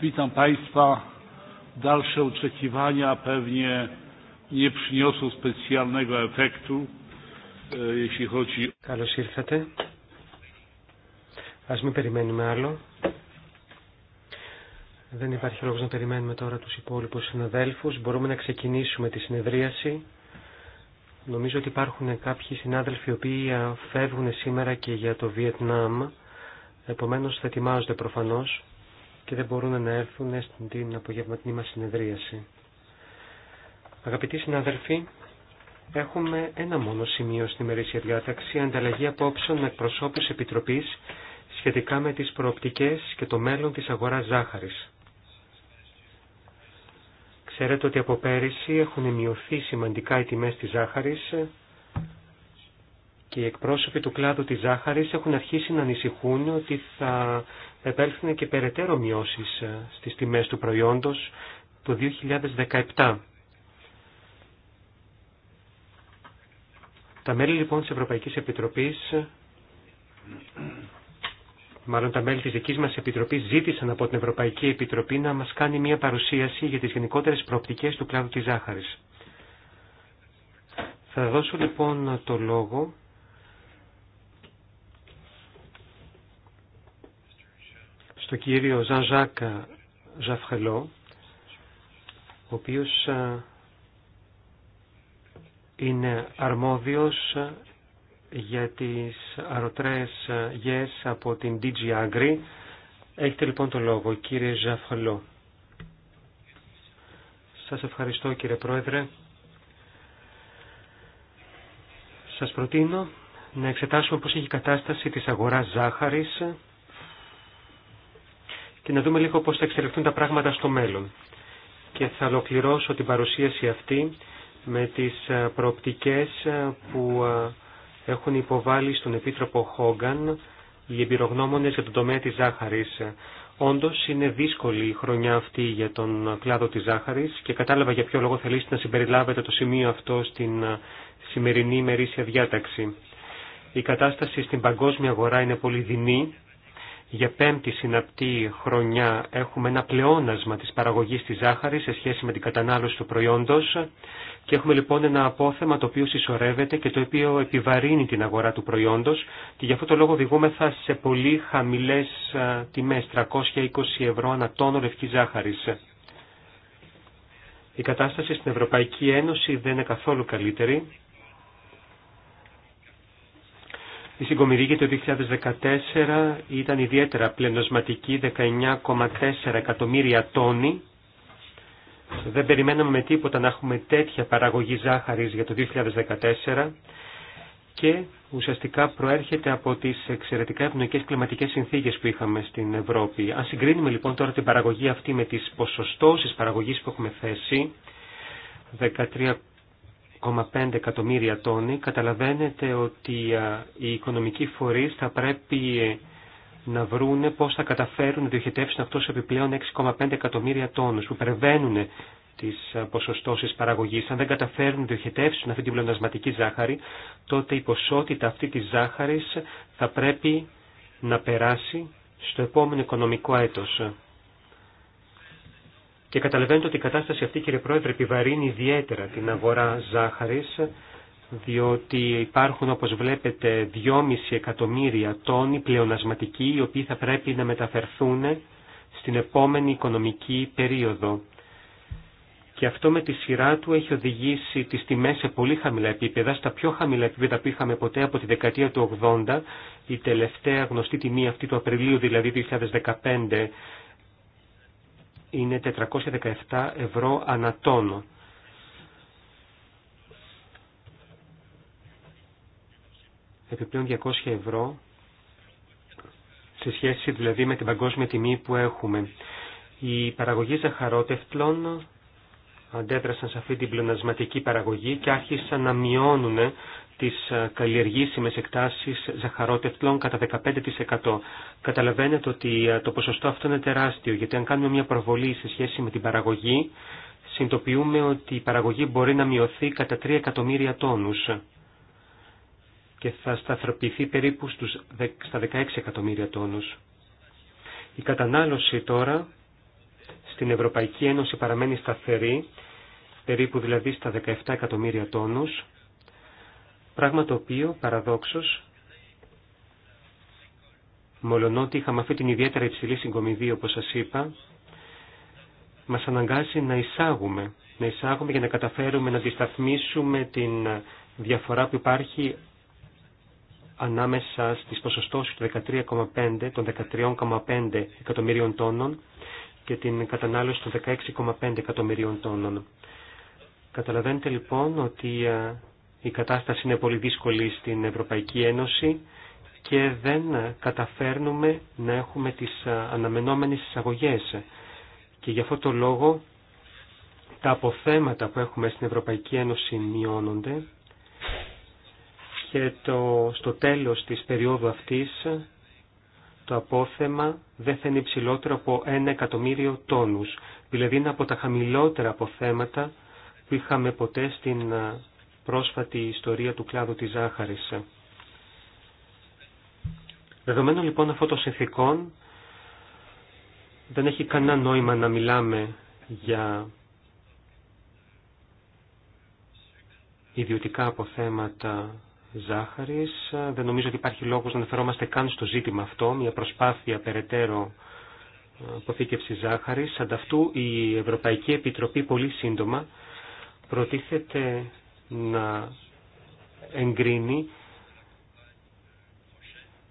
Witam ήρθατε. Ας μην περιμένουμε άλλο. Δεν υπάρχει λόγος να περιμένουμε τώρα τους υπόλοιπους συναδέλφους. Μπορούμε να ξεκινήσουμε τη συνεδρίαση. Νομίζω ότι υπάρχουν κάποιοι συνάδελφοι οι οποίοι φεύγουν σήμερα και για το Βιετνάμ. Επομένως θα ετοιμάζονται προφανώς και δεν μπορούν να έρθουν στην απογευματινή μας συνεδρίαση. Αγαπητοί συναδελφοί, έχουμε ένα μόνο σημείο στη ημερήσια διάταξη, ανταλλαγή απόψεων με εκπροσώπους Επιτροπής σχετικά με τις προοπτικές και το μέλλον της αγοράς ζάχαρης. Ξέρετε ότι από πέρυσι έχουν μειωθεί σημαντικά οι τιμές της ζάχαρης και οι εκπρόσωποι του κλάδου της ζάχαρης έχουν αρχίσει να ανησυχούν ότι θα επέλθουν και περαιτέρω μειώσεις ε, στις τιμές του προϊόντος το 2017. Τα μέλη λοιπόν της Ευρωπαϊκής Επιτροπής, μάλλον τα μέλη της δικής μας Επιτροπής ζήτησαν από την Ευρωπαϊκή Επιτροπή να μας κάνει μια παρουσίαση για τις γενικότερες προοπτικές του κλάδου της ζάχαρης. Θα δώσω λοιπόν το λόγο στον κύριο Ζανζάκα Ζαφχελό, ο οποίος είναι αρμόδιος για τις αρωτρές γες από την DG Agri. Έχετε λοιπόν το λόγο, κύριε Ζαφχελό. Σας ευχαριστώ κύριε Πρόεδρε. Σας προτείνω να εξετάσουμε πώς έχει η κατάσταση της αγοράς ζάχαρης και να δούμε λίγο πώς θα εξελιχθούν τα πράγματα στο μέλλον. Και θα ολοκληρώσω την παρουσίαση αυτή με τις ε, προοπτικές ε, που ε, έχουν υποβάλει στον Επίτροπο Χόγκαν οι εμπειρογνώμονες για τον τομέα της ζάχαρης. Όντως είναι δύσκολη η χρονιά αυτή για τον κλάδο της ζάχαρης και κατάλαβα για ποιο λόγο θελήσετε να συμπεριλάβετε το σημείο αυτό στην σημερινή ημερήσια διάταξη. Η κατάσταση στην παγκόσμια αγορά είναι πολύ δεινή για πέμπτη συναπτή χρονιά έχουμε ένα πλεόνασμα της παραγωγής της ζάχαρης σε σχέση με την κατανάλωση του προϊόντος και έχουμε λοιπόν ένα απόθεμα το οποίο συσσωρεύεται και το οποίο επιβαρύνει την αγορά του προϊόντος και γι' αυτό το λόγο οδηγούμεθα σε πολύ χαμηλές τιμές, 320 ευρώ ανά τόνο λευκής ζάχαρης. Η κατάσταση στην Ευρωπαϊκή Ένωση δεν είναι καθόλου καλύτερη. Η συγκομιδή για το 2014 ήταν ιδιαίτερα πλενοσματική, 19,4 εκατομμύρια τόνοι. Δεν περιμέναμε με τίποτα να έχουμε τέτοια παραγωγή ζάχαρης για το 2014 και ουσιαστικά προέρχεται από τις εξαιρετικά ευνοϊκές κλιματικές συνθήκες που είχαμε στην Ευρώπη. Αν συγκρίνουμε λοιπόν τώρα την παραγωγή αυτή με τις ποσοστώσεις παραγωγής που έχουμε θέσει, 6,5 εκατομμύρια τόνοι, καταλαβαίνετε ότι οι οικονομικοί φορείς θα πρέπει ε, να βρούνε πώς θα καταφέρουν να διοχετεύσουν αυτός επιπλέον 6,5 εκατομμύρια τόνους που περιβαίνουν ε, τις ποσοστώσεις παραγωγής. Αν δεν καταφέρουν να διοχετεύσουν αυτή την πλεονασματική ζάχαρη, τότε η ποσότητα αυτή της ζάχαρης θα πρέπει να περάσει στο επόμενο οικονομικό έτος. Και καταλαβαίνετε ότι η κατάσταση αυτή, κύριε Πρόεδρε, επιβαρύνει ιδιαίτερα την αγορά ζάχαρης, διότι υπάρχουν, όπως βλέπετε, 2,5 εκατομμύρια τόνοι πλεονασματικοί, οι οποίοι θα πρέπει να μεταφερθούν στην επόμενη οικονομική περίοδο. Και αυτό με τη σειρά του έχει οδηγήσει τις τιμές σε πολύ χαμηλά επίπεδα, στα πιο χαμηλά επίπεδα που είχαμε ποτέ από τη δεκαετία του 80, η τελευταία γνωστή τιμή αυτή του Απριλίου, δηλαδή 2015, είναι 417 ευρώ τόνο. Επιπλέον 200 ευρώ σε σχέση δηλαδή με την παγκόσμια τιμή που έχουμε. Οι παραγωγή ζαχαρότευτλων αντέδρασαν σε αυτή την πλονασματική παραγωγή και άρχισαν να μειώνουν τις ε, καλλιεργήσιμες εκτάσεις ζαχαρότευτλων κατά 15%. Καταλαβαίνετε ότι ε, το ποσοστό αυτό είναι τεράστιο, γιατί αν κάνουμε μια προβολή σε σχέση με την παραγωγή, συνειδητοποιούμε ότι η παραγωγή μπορεί να μειωθεί κατά 3 εκατομμύρια τόνους και θα σταθροποιηθεί περίπου στους, στα 16 εκατομμύρια τόνους. Η κατανάλωση τώρα στην Ευρωπαϊκή Ένωση παραμένει σταθερή, περίπου δηλαδή στα 17 εκατομμύρια τόνους, Πράγμα το οποίο, παραδόξως, μολονότι είχαμε αυτή την ιδιαίτερα υψηλή συγκομιδή, όπως σας είπα, μας αναγκάζει να εισάγουμε, να εισάγουμε για να καταφέρουμε να αντισταθμίσουμε την διαφορά που υπάρχει ανάμεσα στις ποσοστώσεις του 13,5, των 13,5 εκατομμυρίων τόνων και την κατανάλωση των 16,5 εκατομμυρίων τόνων. Καταλαβαίνετε λοιπόν ότι ε, η κατάσταση είναι πολύ δύσκολη στην Ευρωπαϊκή Ένωση και δεν καταφέρνουμε να έχουμε τις αναμενόμενες εισαγωγές. Και γι' αυτό το λόγο τα αποθέματα που έχουμε στην Ευρωπαϊκή Ένωση μειώνονται και το, στο τέλος της περίοδου αυτής το απόθεμα δεν θα είναι υψηλότερο από ένα εκατομμύριο τόνους, δηλαδή είναι από τα χαμηλότερα αποθέματα που είχαμε ποτέ στην πρόσφατη ιστορία του κλάδου της ζάχαρης. Δεδομένου λοιπόν αυτών των συνθηκών, δεν έχει κανένα νόημα να μιλάμε για ιδιωτικά αποθέματα ζάχαρης. Δεν νομίζω ότι υπάρχει λόγος να αναφερόμαστε καν στο ζήτημα αυτό, μια προσπάθεια περαιτέρω αποθήκευση ζάχαρης. Ανταυτού η Ευρωπαϊκή Επιτροπή πολύ σύντομα προτίθεται να εγκρίνει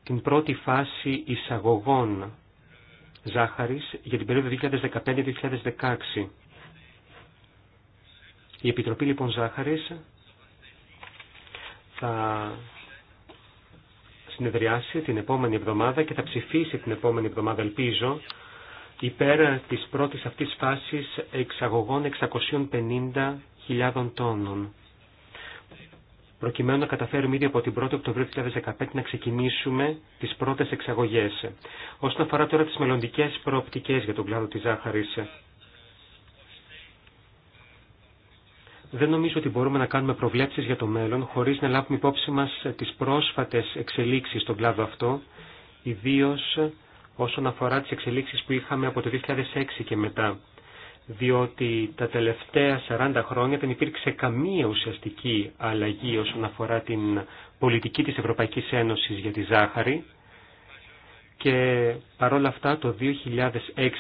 την πρώτη φάση εισαγωγών ζάχαρης για την περίοδο 2015-2016. Η Επιτροπή λοιπόν Ζάχαρης θα συνεδριάσει την επόμενη εβδομάδα και θα ψηφίσει την επόμενη εβδομάδα, ελπίζω, υπέρ της πρώτης αυτής φάσης εξαγωγών 650.000 τόνων προκειμένου να καταφέρουμε ήδη από την 1η Οκτωβρίου 2015 να ξεκινήσουμε τις πρώτες εξαγωγές. Όσον αφορά τώρα τις μελλοντικέ προοπτικές για τον κλάδο της ζάχαρης, δεν νομίζω ότι μπορούμε να κάνουμε προβλέψεις για το μέλλον χωρίς να λάβουμε υπόψη μας τις πρόσφατες εξελίξεις στον κλάδο αυτό, ιδίως όσον αφορά τις εξελίξεις που είχαμε από το 2006 και μετά διότι τα τελευταία 40 χρόνια δεν υπήρξε καμία ουσιαστική αλλαγή όσον αφορά την πολιτική της Ευρωπαϊκής Ένωσης για τη ζάχαρη και παρόλα αυτά το 2006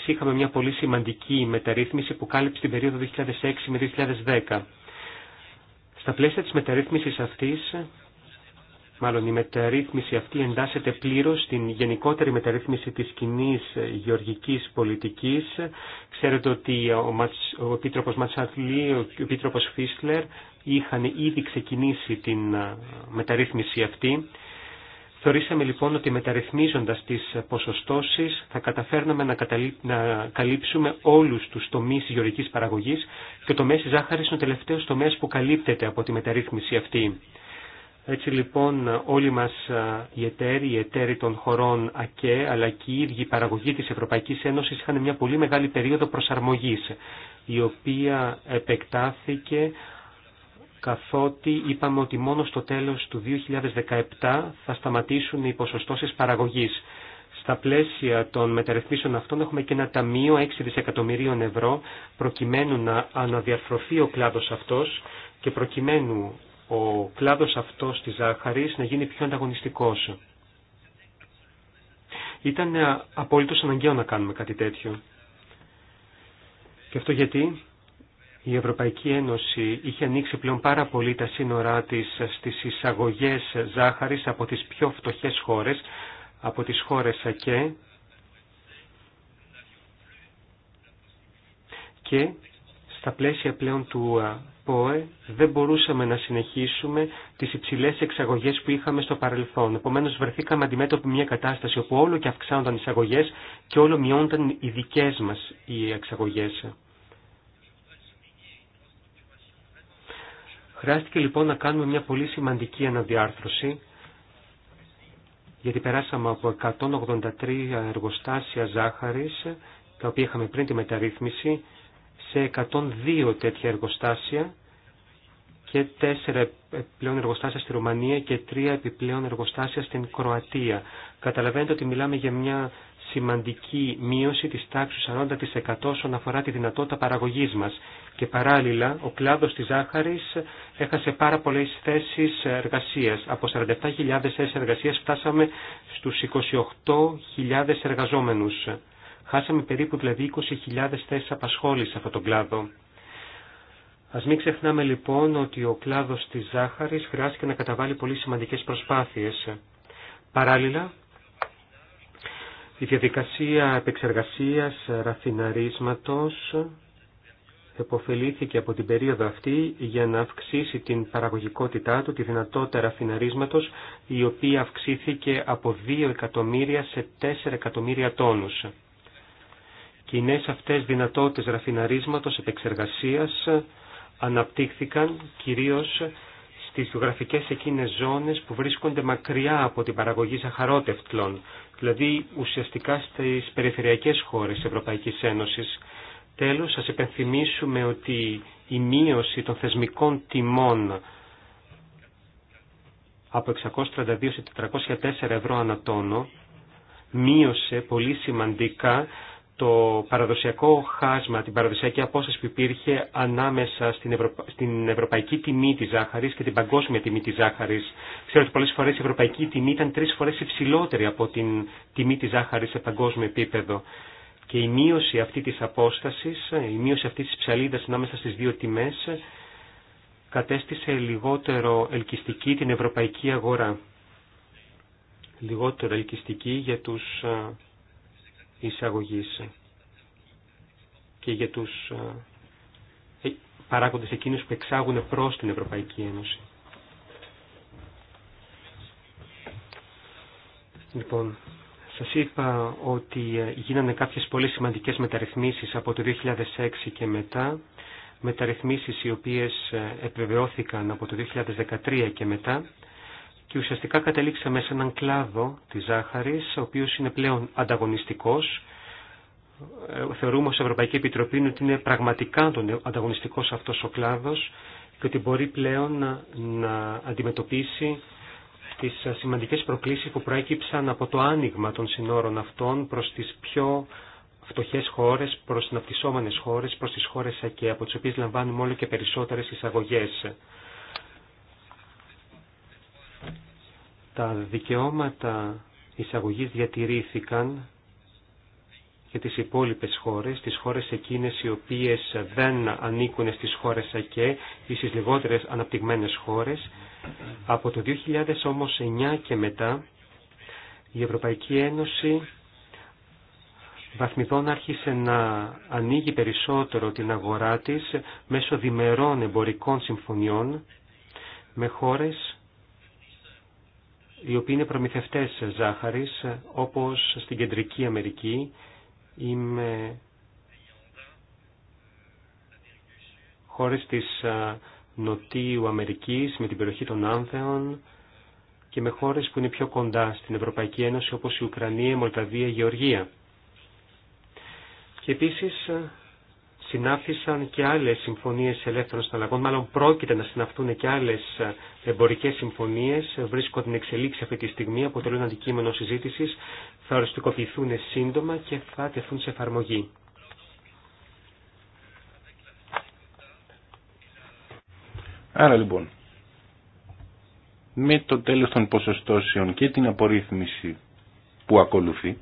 είχαμε μια πολύ σημαντική μεταρρύθμιση που κάλυψε την περίοδο 2006 με 2010. Στα πλαίσια της μεταρρύθμισης αυτής Μάλλον η μεταρρύθμιση αυτή εντάσσεται πλήρως στην γενικότερη μεταρρύθμιση της κοινή γεωργικής πολιτικής. Ξέρετε ότι ο, Ματσ, ο Επίτροπος Ματσαθλή, ο Επίτροπος Φίσλερ είχαν ήδη ξεκινήσει την ε, μεταρρύθμιση αυτή. Θεωρήσαμε λοιπόν ότι μεταρρυθμίζοντας τις ποσοστώσεις θα καταφέρναμε να, να καλύψουμε όλους τους τομείς γεωργικής παραγωγής και το μέση ζάχαρης είναι ο τελευταίος τομέας που καλύπτεται από τη μεταρρύθμιση αυτή. Έτσι λοιπόν όλοι μας οι εταίροι, οι εταίροι των χωρών ΑΚΕ αλλά και οι ίδιοι παραγωγοί της Ευρωπαϊκής Ένωσης είχαν μια πολύ μεγάλη περίοδο προσαρμογής η οποία επεκτάθηκε καθότι είπαμε ότι μόνο στο τέλος του 2017 θα σταματήσουν οι ποσοστώσεις παραγωγής. Στα πλαίσια των μεταρρυθμίσεων αυτών έχουμε και ένα ταμείο 6 δισεκατομμυρίων ευρώ προκειμένου να αναδιαρθρωθεί ο κλάδος αυτός και προκειμένου ο κλάδος αυτός της ζάχαρης να γίνει πιο ανταγωνιστικός. Ήταν ε, απόλυτο αναγκαίο να κάνουμε κάτι τέτοιο. Και αυτό γιατί η Ευρωπαϊκή Ένωση είχε ανοίξει πλέον πάρα πολύ τα σύνορά της στις εισαγωγές ζάχαρης από τις πιο φτωχές χώρες, από τις χώρες ΑΚΕ και στα πλαίσια πλέον του ε, ΠΟΕ δεν μπορούσαμε να συνεχίσουμε τις υψηλές εξαγωγές που είχαμε στο παρελθόν. Επομένως βρεθήκαμε αντιμέτωποι μια κατάσταση όπου όλο και αυξάνονταν οι εξαγωγές και όλο μειώνονταν οι δικές μας οι εξαγωγές. Χρειάστηκε λοιπόν να κάνουμε μια πολύ σημαντική αναδιάρθρωση γιατί περάσαμε από 183 εργοστάσια ζάχαρης τα οποία είχαμε πριν τη μεταρρύθμιση σε 102 τέτοια εργοστάσια και 4 επιπλέον εργοστάσια στη Ρουμανία και 3 επιπλέον εργοστάσια στην Κροατία. Καταλαβαίνετε ότι μιλάμε για μια σημαντική μείωση της τάξης 40% όσον αφορά τη δυνατότητα παραγωγής μας. Και παράλληλα, ο κλάδος της ζάχαρης έχασε πάρα πολλές θέσεις εργασίας. Από 47.000 θέσεις εργασίας φτάσαμε στους 28.000 εργαζόμενους. Χάσαμε περίπου δηλαδή 20.000 θέσεις απασχόλησης σε αυτόν τον κλάδο. Ας μην ξεχνάμε λοιπόν ότι ο κλάδος της ζάχαρης χρειάστηκε να καταβάλει πολύ σημαντικές προσπάθειες. Παράλληλα, η διαδικασία επεξεργασίας ραφιναρίσματος εποφελήθηκε από την περίοδο αυτή για να αυξήσει την παραγωγικότητά του, τη δυνατότητα ραφιναρίσματος, η οποία αυξήθηκε από 2 εκατομμύρια σε 4 εκατομμύρια τόνους κοινέ αυτές δυνατότητες ραφιναρίσματος, επεξεργασίας αναπτύχθηκαν κυρίως στις γεωγραφικές εκείνες ζώνες που βρίσκονται μακριά από την παραγωγή ζαχαρότευτλων, δηλαδή ουσιαστικά στις περιφερειακές χώρες Ευρωπαϊκής Ένωσης. Τέλος, σας επενθυμίσουμε ότι η μείωση των θεσμικών τιμών από 632 σε 404 ευρώ ανατόνο μείωσε πολύ σημαντικά το παραδοσιακό χάσμα, την παραδοσιακή απόσταση που υπήρχε ανάμεσα στην, στην ευρωπαϊκή τιμή της ζάχαρης και την παγκόσμια τιμή της ζάχαρης. Ξέρω ότι πολλές φορές η ευρωπαϊκή τιμή ήταν τρεις φορές υψηλότερη από την τιμή της ζάχαρης σε παγκόσμιο επίπεδο. Και η μείωση αυτή της απόστασης, η μείωση αυτή της ψαλίδας ανάμεσα στις δύο τιμές κατέστησε λιγότερο ελκυστική την ευρωπαϊκή αγορά. Λιγότερο ελκυστική για τους ε, και για τους ε, ε, παράγοντες εκείνους που εξάγουν προς την Ευρωπαϊκή Ένωση. Λοιπόν, σας είπα ότι ε, γίνανε κάποιες πολύ σημαντικές μεταρρυθμίσεις από το 2006 και μετά, μεταρρυθμίσεις οι οποίες επιβεβαιώθηκαν από το 2013 και μετά, και ουσιαστικά καταλήξαμε σε έναν κλάδο της ζάχαρης, ο οποίος είναι πλέον ανταγωνιστικός. Ε, θεωρούμε ως Ευρωπαϊκή Επιτροπή ότι είναι πραγματικά τον ανταγωνιστικός αυτός ο κλάδος και ότι μπορεί πλέον να, αντιμετωπίσει τις σημαντικές προκλήσεις που προέκυψαν από το άνοιγμα των συνόρων αυτών προς τις πιο φτωχές χώρες, προς τις ναυτισσόμενες χώρες, προς τις χώρες ΑΚΕ, από τις οποίες λαμβάνουμε όλο και περισσότερες εισαγωγές. Τα δικαιώματα εισαγωγής διατηρήθηκαν και τις υπόλοιπες χώρες, τις χώρες εκείνες οι οποίες δεν ανήκουν στις χώρες ΑΚΕ ή στις λιγότερες αναπτυγμένες χώρες. Από το 2009 όμως και μετά η Ευρωπαϊκή Ένωση βαθμιδών άρχισε να ανοίγει περισσότερο την αγορά της μέσω διμερών εμπορικών συμφωνιών με χώρες οι οποίοι είναι προμηθευτές ζάχαρης, όπως στην Κεντρική Αμερική ή με χώρες της Νοτίου Αμερικής, με την περιοχή των Άνθεων και με χώρες που είναι πιο κοντά στην Ευρωπαϊκή Ένωση, όπως η Ουκρανία, η Μολταβία, η Γεωργία. Και επίσης συνάφησαν και άλλες συμφωνίες ελεύθερων συναλλαγών, μάλλον πρόκειται να συναυτούν και άλλες ε, εμπορικές συμφωνίες, βρίσκονται την εξελίξη αυτή τη στιγμή, αποτελούν αντικείμενο συζήτησης, θα οριστικοποιηθούν σύντομα και θα τεθούν σε εφαρμογή. Άρα λοιπόν, με το τέλος των ποσοστώσεων και την απορρίθμιση που ακολουθεί,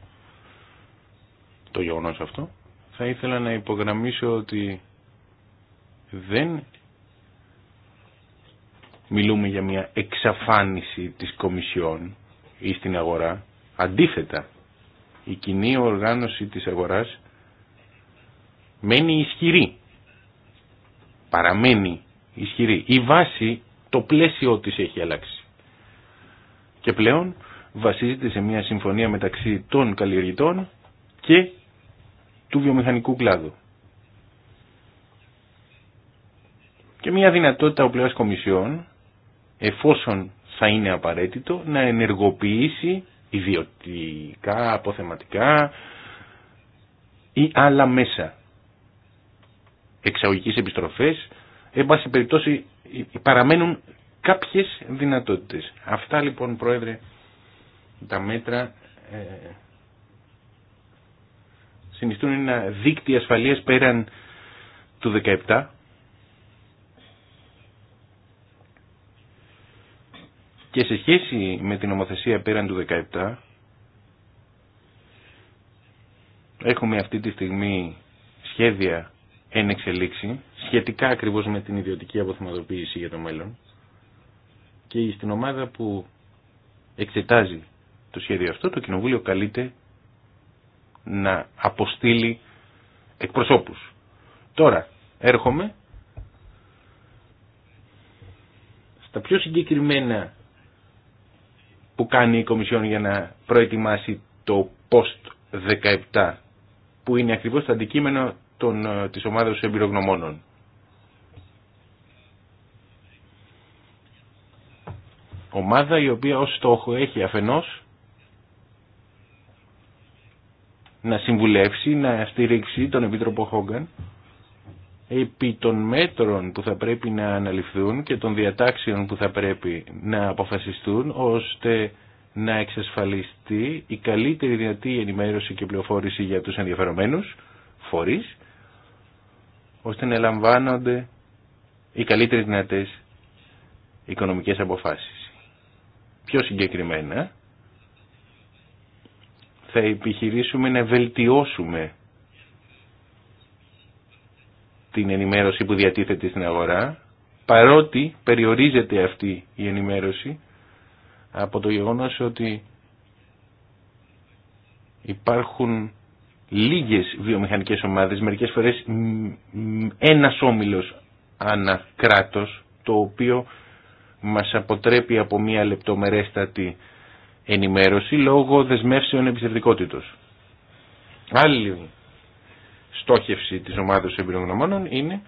το γεγονός αυτό, θα ήθελα να υπογραμμίσω ότι δεν μιλούμε για μια εξαφάνιση της Κομισιόν ή στην αγορά. Αντίθετα, η κοινή οργάνωση της αγοράς μένει ισχυρή. Παραμένει ισχυρή. Η βάση, το πλαίσιο της έχει αλλάξει. Και πλέον βασίζεται σε μια συμφωνία μεταξύ των καλλιεργητών και του βιομηχανικού κλάδου. Και μια δυνατότητα ο πλευράς κομισιών, εφόσον θα είναι απαραίτητο, να ενεργοποιήσει ιδιωτικά, αποθεματικά ή άλλα μέσα. Εξαγωγικές επιστροφές, εν πάση περιπτώσει παραμένουν κάποιες δυνατότητες. Αυτά λοιπόν Πρόεδρε τα μέτρα ε, συνιστούν ένα δίκτυο ασφαλείας πέραν του 17 και σε σχέση με την ομοθεσία πέραν του 17 έχουμε αυτή τη στιγμή σχέδια εν εξελίξη σχετικά ακριβώς με την ιδιωτική αποθυματοποίηση για το μέλλον και στην ομάδα που εξετάζει το σχέδιο αυτό το Κοινοβούλιο καλείται να αποστείλει εκπροσώπους. Τώρα έρχομαι στα πιο συγκεκριμένα που κάνει η Κομισιόν για να προετοιμάσει το post 17 που είναι ακριβώς το αντικείμενο των, ε, της ομάδας εμπειρογνωμόνων. Ομάδα η οποία ως στόχο έχει αφενός να συμβουλεύσει, να στηρίξει τον Επίτροπο Χόγκαν επί των μέτρων που θα πρέπει να αναλυφθούν και των διατάξεων που θα πρέπει να αποφασιστούν ώστε να εξασφαλιστεί η καλύτερη δυνατή ενημέρωση και πληροφόρηση για τους ενδιαφερομένους φορείς ώστε να λαμβάνονται οι καλύτερες δυνατές οικονομικές αποφάσεις. Πιο συγκεκριμένα, θα επιχειρήσουμε να βελτιώσουμε την ενημέρωση που διατίθεται στην αγορά, παρότι περιορίζεται αυτή η ενημέρωση από το γεγονός ότι υπάρχουν λίγες βιομηχανικές ομάδες, μερικές φορές ένας όμιλος ανακράτος, το οποίο μας αποτρέπει από μια λεπτομερέστατη ενημέρωση λόγω δεσμεύσεων εμπιστευτικότητος. Άλλη στόχευση της ομάδας εμπειρογνωμόνων είναι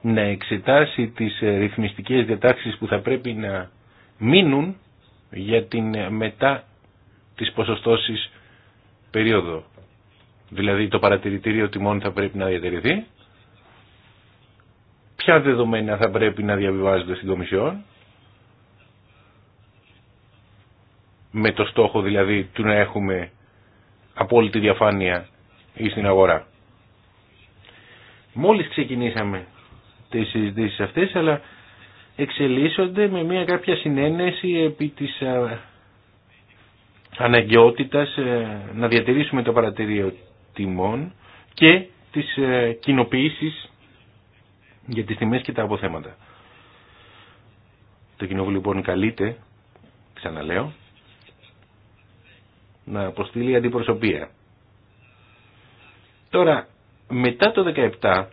να εξετάσει τις ρυθμιστικές διατάξεις που θα πρέπει να μείνουν για την μετά τις ποσοστώσεις περίοδο. Δηλαδή το παρατηρητήριο τιμών θα πρέπει να διατηρηθεί ποια δεδομένα θα πρέπει να διαβιβάζονται στην Κομισιόν με το στόχο δηλαδή του να έχουμε απόλυτη διαφάνεια ή στην αγορά. Μόλις ξεκινήσαμε τις συζητήσεις αυτές αλλά εξελίσσονται με μια κάποια συνένεση επί της αναγκαιότητας ε, να διατηρήσουμε το παρατηρείο τιμών και τις ε, κοινοποίησεις για τις τιμές και τα αποθέματα. Το κοινό λοιπόν καλείται, ξαναλέω, να αποστείλει αντιπροσωπεία. Τώρα, μετά το 17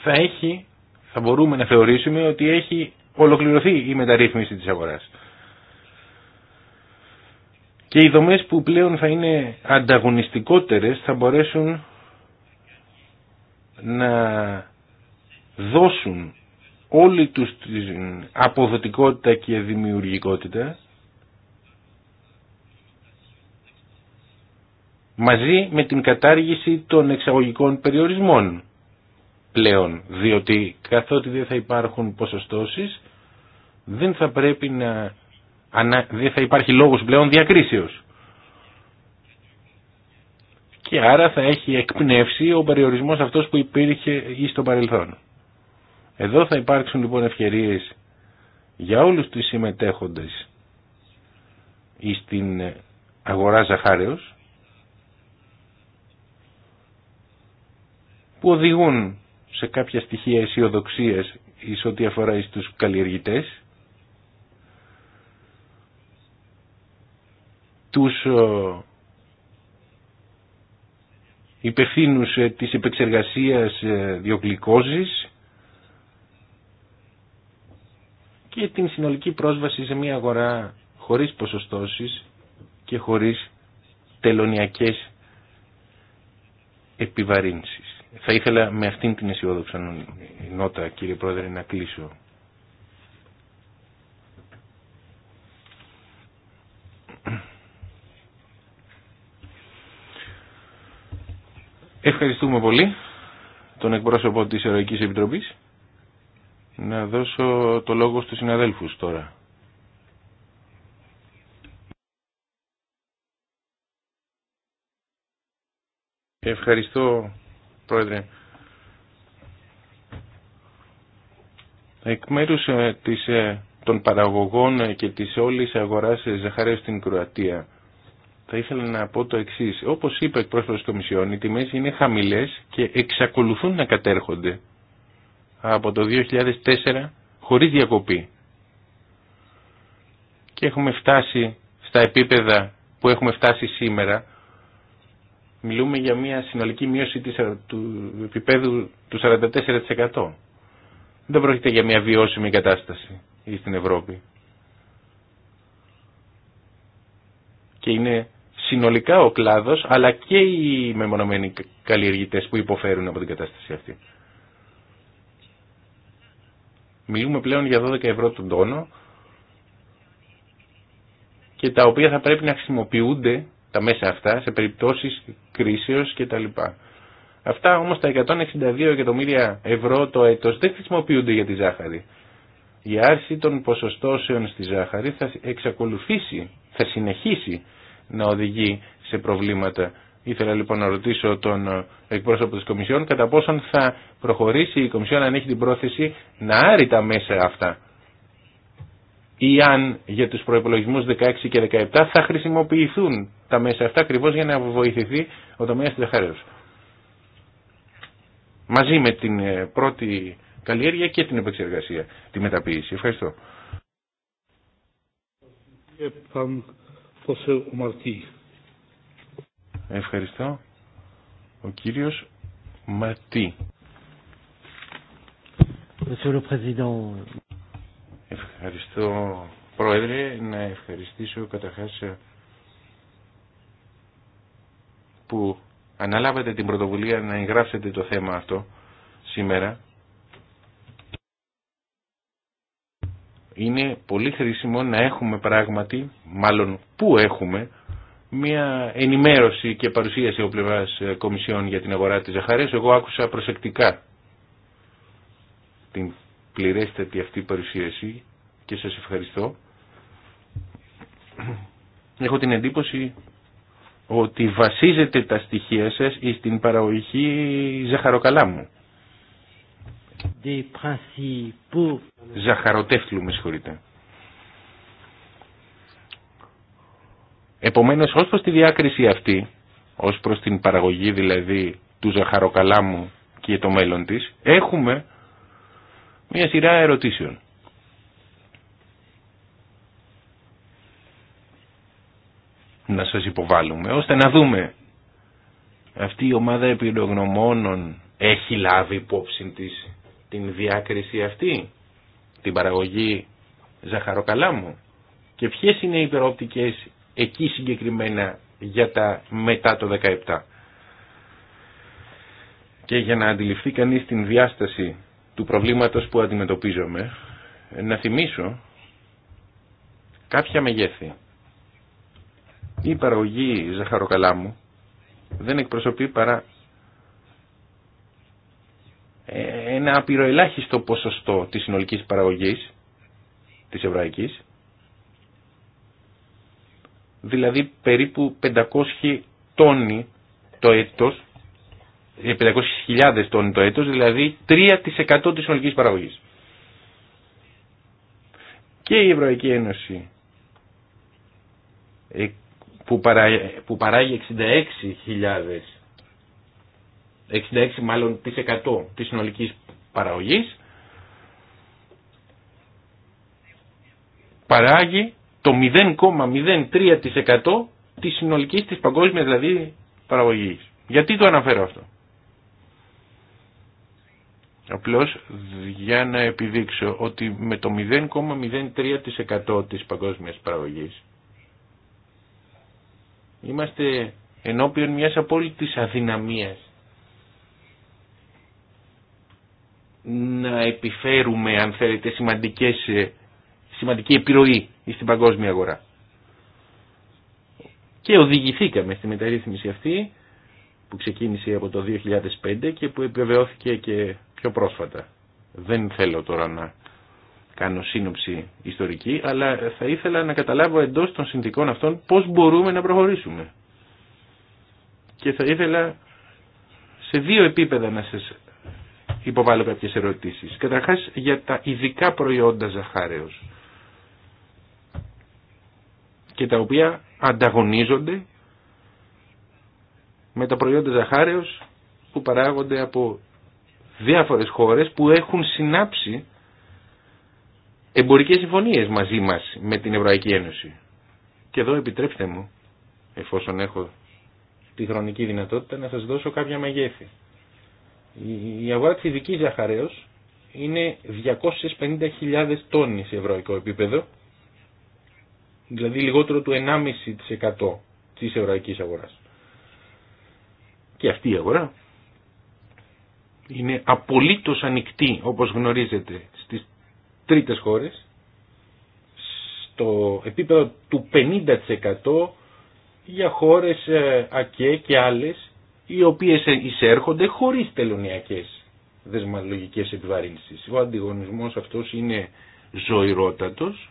θα έχει, θα μπορούμε να θεωρήσουμε ότι έχει ολοκληρωθεί η μεταρρύθμιση της αγοράς. Και οι δομές που πλέον θα είναι ανταγωνιστικότερες θα μπορέσουν να δώσουν όλη τους την αποδοτικότητα και δημιουργικότητα μαζί με την κατάργηση των εξαγωγικών περιορισμών πλέον, διότι καθότι δεν θα υπάρχουν ποσοστώσεις, δεν θα πρέπει να, δεν θα υπάρχει λόγος πλέον διακρίσεως και άρα θα έχει εκπνεύσει ο περιορισμός αυτός που υπήρχε ή στο παρελθόν. Εδώ θα υπάρξουν λοιπόν ευκαιρίες για όλους τους συμμετέχοντες στην αγορά ζαχάρεως που οδηγούν σε κάποια στοιχεία αισιοδοξία εις ό,τι αφορά εις τους καλλιεργητές τους υπευθύνους ε, της επεξεργασίας ε, διογλυκόζης και την συνολική πρόσβαση σε μια αγορά χωρίς ποσοστώσεις και χωρίς τελωνιακές επιβαρύνσεις. Θα ήθελα με αυτήν την αισιόδοξη νότα κύριε Πρόεδρε να κλείσω Ευχαριστούμε πολύ τον εκπρόσωπο της Ερωικής Επιτροπής. Να δώσω το λόγο στους συναδέλφους τώρα. Ευχαριστώ, Πρόεδρε. Εκ μέρους ε, ε, των παραγωγών και της όλης αγοράς ε, ζαχαρέως στην Κροατία θα ήθελα να πω το εξή. Όπω είπε ο εκπρόσωπο τη Κομισιόν, οι τιμέ είναι χαμηλέ και εξακολουθούν να κατέρχονται από το 2004 χωρίς διακοπή. Και έχουμε φτάσει στα επίπεδα που έχουμε φτάσει σήμερα. Μιλούμε για μια συνολική μείωση του επίπεδου του 44%. Δεν πρόκειται για μια βιώσιμη κατάσταση στην Ευρώπη. Και είναι συνολικά ο κλάδος αλλά και οι μεμονωμένοι καλλιεργητές που υποφέρουν από την κατάσταση αυτή. Μιλούμε πλέον για 12 ευρώ τον τόνο και τα οποία θα πρέπει να χρησιμοποιούνται τα μέσα αυτά σε περιπτώσεις κρίσεως κτλ. Αυτά όμως τα 162 εκατομμύρια ευρώ το έτος δεν χρησιμοποιούνται για τη ζάχαρη. Η άρση των ποσοστώσεων στη ζάχαρη θα εξακολουθήσει, θα συνεχίσει να οδηγεί σε προβλήματα. Ήθελα λοιπόν να ρωτήσω τον εκπρόσωπο της Κομισιόν κατά πόσον θα προχωρήσει η Κομισιόν αν έχει την πρόθεση να άρει τα μέσα αυτά ή αν για τους προϋπολογισμούς 16 και 17 θα χρησιμοποιηθούν τα μέσα αυτά ακριβώ για να βοηθηθεί ο τομέας της Δεχάρεως. Μαζί με την ε, πρώτη καλλιέργεια και την επεξεργασία, τη μεταποίηση. Ευχαριστώ. Ε, Ευχαριστώ. Ο κύριος Ματί. Ευχαριστώ Πρόεδρε, να ευχαριστήσω καταρχάς ε, που αναλάβατε την πρωτοβουλία να εγγράψετε το θέμα αυτό σήμερα είναι πολύ χρήσιμο να έχουμε πράγματι, μάλλον που έχουμε, μια ενημέρωση και παρουσίαση ο πλευράς ε, Κομισιόν για την αγορά της Ζαχαρίας. Εγώ άκουσα προσεκτικά την πληρέστατη αυτή παρουσίαση και σας ευχαριστώ. Έχω την εντύπωση ότι βασίζεται τα στοιχεία σας στην παραγωγή ζαχαροκαλάμου. Ζαχαροτέφτλου, με συγχωρείτε. Επομένως, ως προς τη διάκριση αυτή, ως προς την παραγωγή δηλαδή του ζαχαροκαλάμου και το μέλλον της, έχουμε μια σειρά ερωτήσεων. Να σας υποβάλουμε, ώστε να δούμε αυτή η ομάδα επιλογνωμόνων έχει λάβει υπόψη της την διάκριση αυτή, την παραγωγή ζαχαροκαλάμου και ποιες είναι οι υπεροπτικές εκεί συγκεκριμένα για τα μετά το 17. Και για να αντιληφθεί κανείς την διάσταση του προβλήματος που αντιμετωπίζομαι, να θυμίσω κάποια μεγέθη. Η παραγωγή ζαχαροκαλάμου δεν εκπροσωπεί παρά ε, ένα απειροελάχιστο ποσοστό της συνολικής παραγωγής της εβραϊκής δηλαδή περίπου 500 τόνοι το έτος 500.000 ε, τόνοι το έτος δηλαδή 3% της συνολικής παραγωγής και η Ευρωπαϊκή Ένωση ε, που παράγει 66.000 66 μάλλον της 100 της συνολικής παραγωγής παράγει το 0,03% της συνολικής της παγκόσμιας δηλαδή παραγωγής. Γιατί το αναφέρω αυτό. Απλώς για να επιδείξω ότι με το 0,03% της παγκόσμιας παραγωγής είμαστε ενώπιον μιας απόλυτης αδυναμίας να επιφέρουμε, αν θέλετε, σημαντικές, ε, σημαντική επιρροή στην παγκόσμια αγορά. Και οδηγηθήκαμε στη μεταρρύθμιση αυτή που ξεκίνησε από το 2005 και που επιβεβαιώθηκε και πιο πρόσφατα. Δεν θέλω τώρα να κάνω σύνοψη ιστορική, αλλά θα ήθελα να καταλάβω εντός των συνθηκών αυτών πώς μπορούμε να προχωρήσουμε. Και θα ήθελα σε δύο επίπεδα να σας Υποβάλλω κάποιες ερωτήσεις. Καταρχάς για τα ειδικά προϊόντα ζαχάρεως και τα οποία ανταγωνίζονται με τα προϊόντα ζαχάρεως που παράγονται από διάφορες χώρες που έχουν συνάψει εμπορικές συμφωνίες μαζί μας με την Ευρωπαϊκή Ένωση. Και εδώ επιτρέψτε μου, εφόσον έχω τη χρονική δυνατότητα, να σας δώσω κάποια μεγέθη. Η αγορά της ειδικής ζαχαρέως είναι 250.000 τόνοι σε ευρωϊκό επίπεδο, δηλαδή λιγότερο του 1,5% της ευρωϊκής αγοράς. Και αυτή η αγορά είναι απολύτως ανοιχτή, όπως γνωρίζετε, στις τρίτες χώρες, στο επίπεδο του 50% για χώρες ε, ΑΚΕ και άλλες οι οποίες εισέρχονται χωρίς τελωνιακές δεσμαλογικές επιβαρύνσεις. Ο αντιγωνισμός αυτός είναι ζωηρότατος,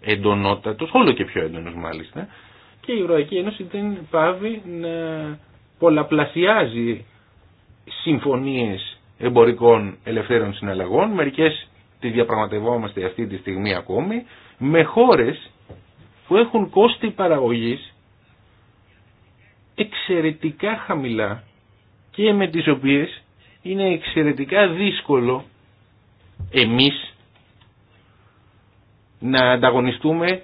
εντονότατος, όλο και πιο έντονος μάλιστα, και η Ευρωπαϊκή Ένωση δεν πάβει να πολλαπλασιάζει συμφωνίες εμπορικών ελευθέρων συναλλαγών, μερικές τις διαπραγματευόμαστε αυτή τη στιγμή ακόμη, με χώρες που έχουν κόστη παραγωγής εξαιρετικά χαμηλά και με τις οποίες είναι εξαιρετικά δύσκολο εμείς να ανταγωνιστούμε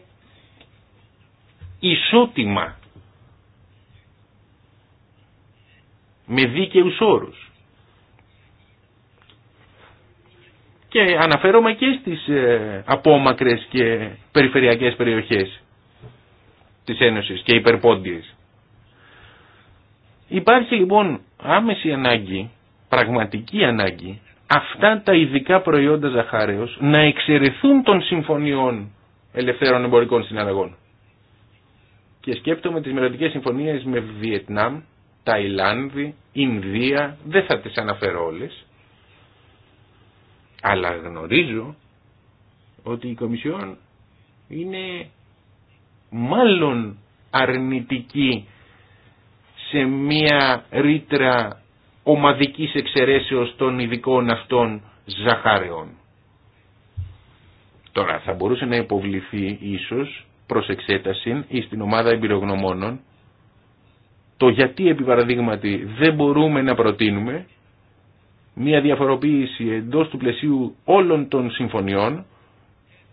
ισότιμα με δίκαιους όρους. Και αναφέρομαι και στις ε, απόμακρες και περιφερειακές περιοχές της Ένωσης και υπερπόντιες. Υπάρχει λοιπόν άμεση ανάγκη, πραγματική ανάγκη, αυτά τα ειδικά προϊόντα ζαχάρεως να εξαιρεθούν των συμφωνιών ελευθέρων εμπορικών συναλλαγών. Και σκέπτομαι τις μελλοντικές συμφωνίες με Βιετνάμ, Ταϊλάνδη, Ινδία, δεν θα τις αναφέρω όλες. Αλλά γνωρίζω ότι η Κομισιόν είναι μάλλον αρνητική σε μια ρήτρα ομαδικής εξαιρέσεως των ειδικών αυτών ζαχάρεων. Τώρα θα μπορούσε να υποβληθεί ίσως προς εξέταση ή στην ομάδα εμπειρογνωμόνων το γιατί επί δεν μπορούμε να προτείνουμε μια διαφοροποίηση εντός του πλαισίου όλων των συμφωνιών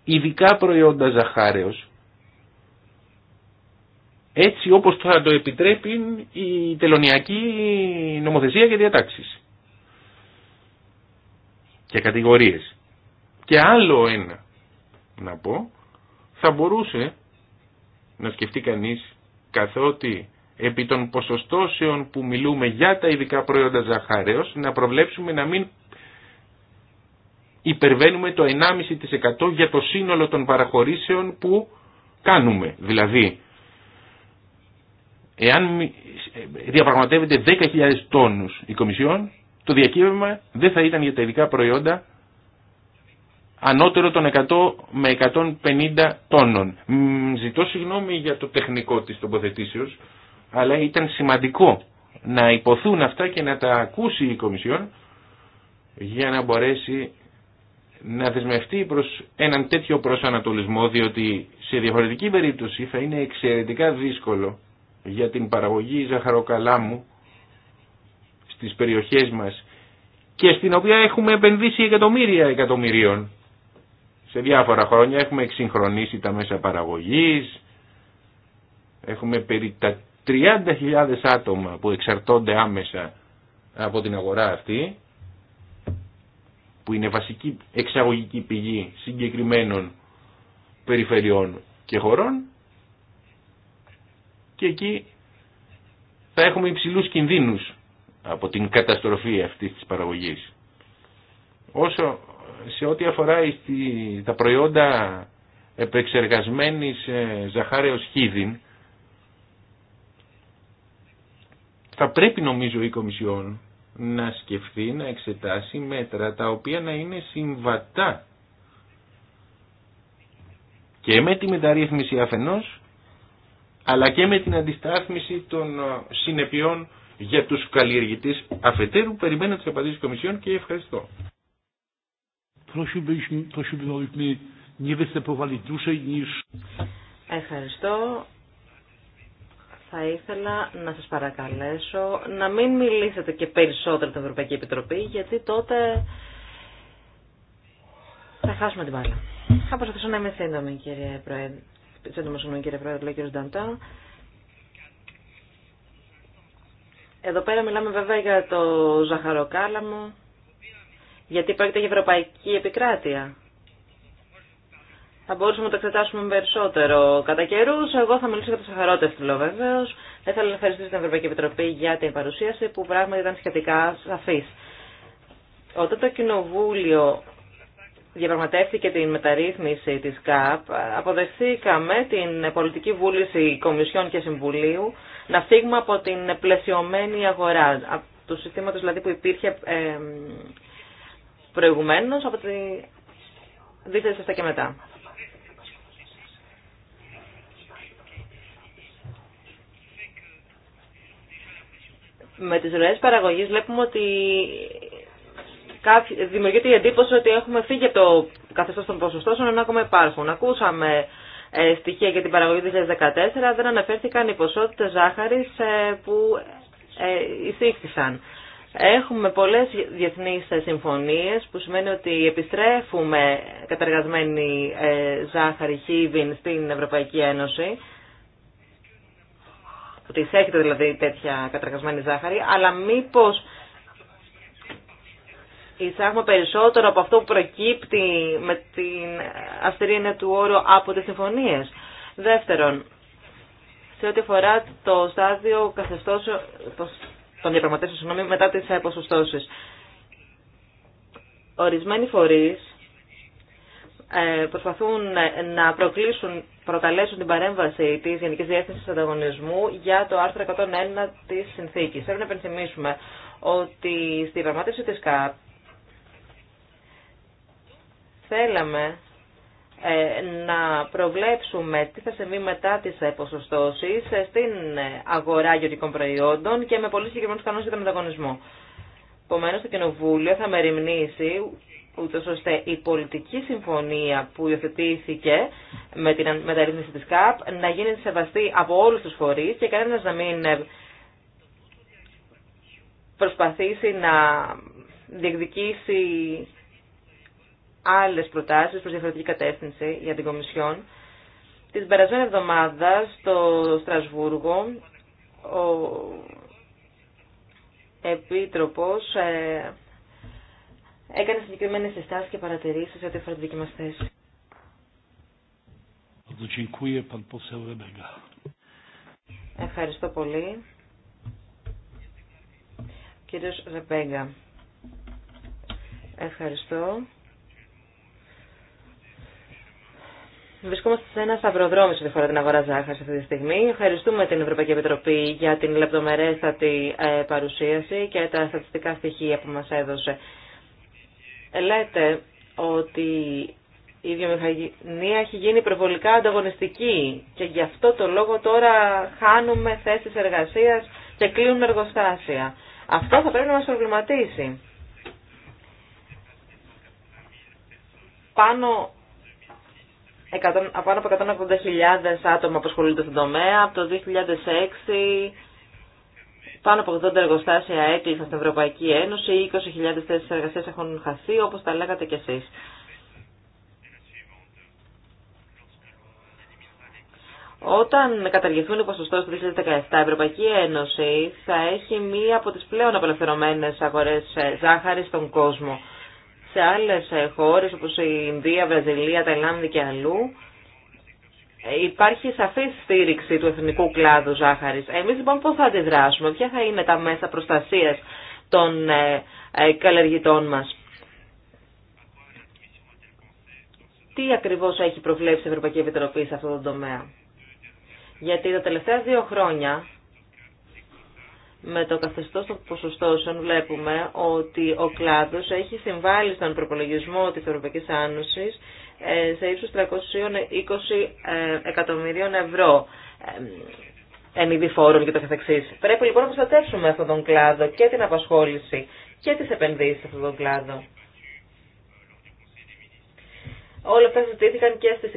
ειδικά προϊόντα ζαχάρεως έτσι όπως θα το επιτρέπει η τελωνιακή νομοθεσία και διατάξεις και κατηγορίες. Και άλλο ένα να πω, θα μπορούσε να σκεφτεί κανείς καθότι επί των ποσοστώσεων που μιλούμε για τα ειδικά προϊόντα ζαχαρέως να προβλέψουμε να μην υπερβαίνουμε το 1,5% για το σύνολο των παραχωρήσεων που κάνουμε. Δηλαδή Εάν διαπραγματεύεται 10.000 τόνους η Κομισιόν, το διακύβευμα δεν θα ήταν για τα ειδικά προϊόντα ανώτερο των 100 με 150 τόνων. Ζητώ συγγνώμη για το τεχνικό της τοποθετήσεως, αλλά ήταν σημαντικό να υποθούν αυτά και να τα ακούσει η Κομισιόν για να μπορέσει να δεσμευτεί προς έναν τέτοιο προσανατολισμό, διότι σε διαφορετική περίπτωση θα είναι εξαιρετικά δύσκολο για την παραγωγή ζαχαροκαλάμου στις περιοχές μας και στην οποία έχουμε επενδύσει εκατομμύρια εκατομμυρίων. Σε διάφορα χρόνια έχουμε εξυγχρονίσει τα μέσα παραγωγής, έχουμε περί τα 30.000 άτομα που εξαρτώνται άμεσα από την αγορά αυτή, που είναι βασική εξαγωγική πηγή συγκεκριμένων περιφερειών και χωρών και εκεί θα έχουμε υψηλούς κινδύνους από την καταστροφή αυτής της παραγωγής. Όσο σε ό,τι αφορά τα προϊόντα επεξεργασμένης ζαχάρεως χίδιν, θα πρέπει νομίζω η Κομισιόν να σκεφτεί, να εξετάσει μέτρα τα οποία να είναι συμβατά και με τη μεταρρύθμιση αφενός αλλά και με την αντιστάθμιση των ε, συνεπειών για τους καλλιεργητές αφετέρου. Περιμένω τις απαντήσεις της Κομισιόν και ευχαριστώ. Ευχαριστώ. Θα ήθελα να σας παρακαλέσω να μην μιλήσετε και περισσότερο την Ευρωπαϊκή Επιτροπή, γιατί τότε θα χάσουμε την μπάλα. Θα προσπαθήσω να είμαι σύντομη, κύριε Πρόεδρε συγγνώμη κύριε Πρόεδρε, λέει ο Νταντά. Εδώ πέρα μιλάμε βέβαια για το ζαχαροκάλαμο, γιατί πρόκειται για ευρωπαϊκή επικράτεια. Θα μπορούσαμε να το εξετάσουμε περισσότερο κατά καιρού. Εγώ θα μιλήσω για το σαχαρότεστιλο βεβαίω. Θα ήθελα να ευχαριστήσω την Ευρωπαϊκή Επιτροπή για την παρουσίαση που πράγματι ήταν σχετικά σαφή. Όταν το Κοινοβούλιο διαπραγματεύτηκε την μεταρρύθμιση της ΚΑΠ, αποδεχθήκαμε την πολιτική βούληση Κομισιών και Συμβουλίου να φύγουμε από την πλαισιωμένη αγορά, από του συστήματος δηλαδή που υπήρχε ε, προηγουμένως από τη αυτά και μετά. Με τις ροές παραγωγής βλέπουμε ότι δημιουργείται η εντύπωση ότι έχουμε φύγει από το καθεστώ των ποσοστώσεων ενώ ακόμα υπάρχουν. Ακούσαμε ε, στοιχεία για την παραγωγή 2014, δεν αναφέρθηκαν οι ποσότητες ζάχαρης ε, που ε, εισήχθησαν. Έχουμε πολλές διεθνείς συμφωνίες που σημαίνει ότι επιστρέφουμε καταργασμένη ζάχαρη χίβιν στην Ευρωπαϊκή Ένωση ότι εισέχεται δηλαδή τέτοια καταργασμένη ζάχαρη, αλλά μήπως εισάγουμε περισσότερο από αυτό που προκύπτει με την αυστηρή του όρου από τις συμφωνίες. Δεύτερον, σε ό,τι αφορά το στάδιο καθεστώσεων των διαπραγματεύσεων συγγνώμη, μετά τις αποσωστώσεις. Ορισμένοι φορείς ε, προσπαθούν να προκλήσουν, προκαλέσουν την παρέμβαση της Γενικής Διεύθυνσης Ανταγωνισμού για το άρθρο 101 της Συνθήκης. Θέλω να επενθυμίσουμε ότι στη διαπραγμάτευση της ΚΑΠ θέλαμε ε, να προβλέψουμε τι θα συμβεί μετά τις ε, ποσοστώσεις ε, στην αγορά γεωργικών προϊόντων και με πολύ συγκεκριμένους κανόνες για τον μεταγωνισμό. Επομένω, το Κοινοβούλιο θα μεριμνήσει ούτω ώστε η πολιτική συμφωνία που υιοθετήθηκε με την μεταρρύθμιση της ΚΑΠ να γίνει σεβαστή από όλους τους φορείς και κανένα να μην προσπαθήσει να διεκδικήσει άλλες προτάσεις προς διαφορετική κατεύθυνση για την Κομισιόν. Την περασμένη εβδομάδα στο Στρασβούργο ο Επίτροπος ε, έκανε συγκεκριμένε συστάσεις και παρατηρήσεις για τη διαφορετική μα μας θέση. Ευχαριστώ πολύ. Κύριος Ρεμπέγκα. Ευχαριστώ. Βρισκόμαστε σε ένα σταυροδρόμι σε χώρα την αγορά ζάχαρη αυτή τη στιγμή. Ευχαριστούμε την Ευρωπαϊκή Επιτροπή για την λεπτομερέστατη ε, παρουσίαση και τα στατιστικά στοιχεία που μας έδωσε. Λέτε ότι η βιομηχανία έχει γίνει προβολικά ανταγωνιστική και γι' αυτό το λόγο τώρα χάνουμε θέσεις εργασίας και κλείνουμε εργοστάσια. Αυτό θα πρέπει να μας προβληματίσει. Πάνω πάνω από 180.000 άτομα απασχολούνται στον τομέα. Από το 2006 πάνω από 80 εργοστάσια έκλεισαν στην Ευρωπαϊκή Ένωση. 20.000 θέσει εργασία έχουν χαθεί, όπω τα λέγατε κι εσεί. Όταν καταργηθούν οι ποσοστό του 2017, η Ευρωπαϊκή Ένωση θα έχει μία από τις πλέον απελευθερωμένες αγορές ε, ζάχαρης στον κόσμο σε άλλες ε, χώρες όπως η Ινδία, Βραζιλία, Ταϊλάνδη και αλλού ε, υπάρχει σαφή στήριξη του εθνικού κλάδου ζάχαρης. Εμείς λοιπόν πώς θα αντιδράσουμε, ποια θα είναι τα μέσα προστασίας των ε, καλλιεργητών μας. Τι ακριβώς έχει προβλέψει η Ευρωπαϊκή Επιτροπή σε αυτό το τομέα. Γιατί τα τελευταία δύο χρόνια με το καθεστώς των ποσοστώσεων βλέπουμε ότι ο κλάδος έχει συμβάλει στον προπολογισμό της Ευρωπαϊκής Άνωσης ε, σε ύψους 320 ε, εκατομμυρίων ευρώ ε, εν είδη φόρων και το καθεξής. Πρέπει λοιπόν να προστατεύσουμε αυτόν τον κλάδο και την απασχόληση και τις επενδύσεις σε αυτόν τον κλάδο. Όλα αυτά συζητήθηκαν και στις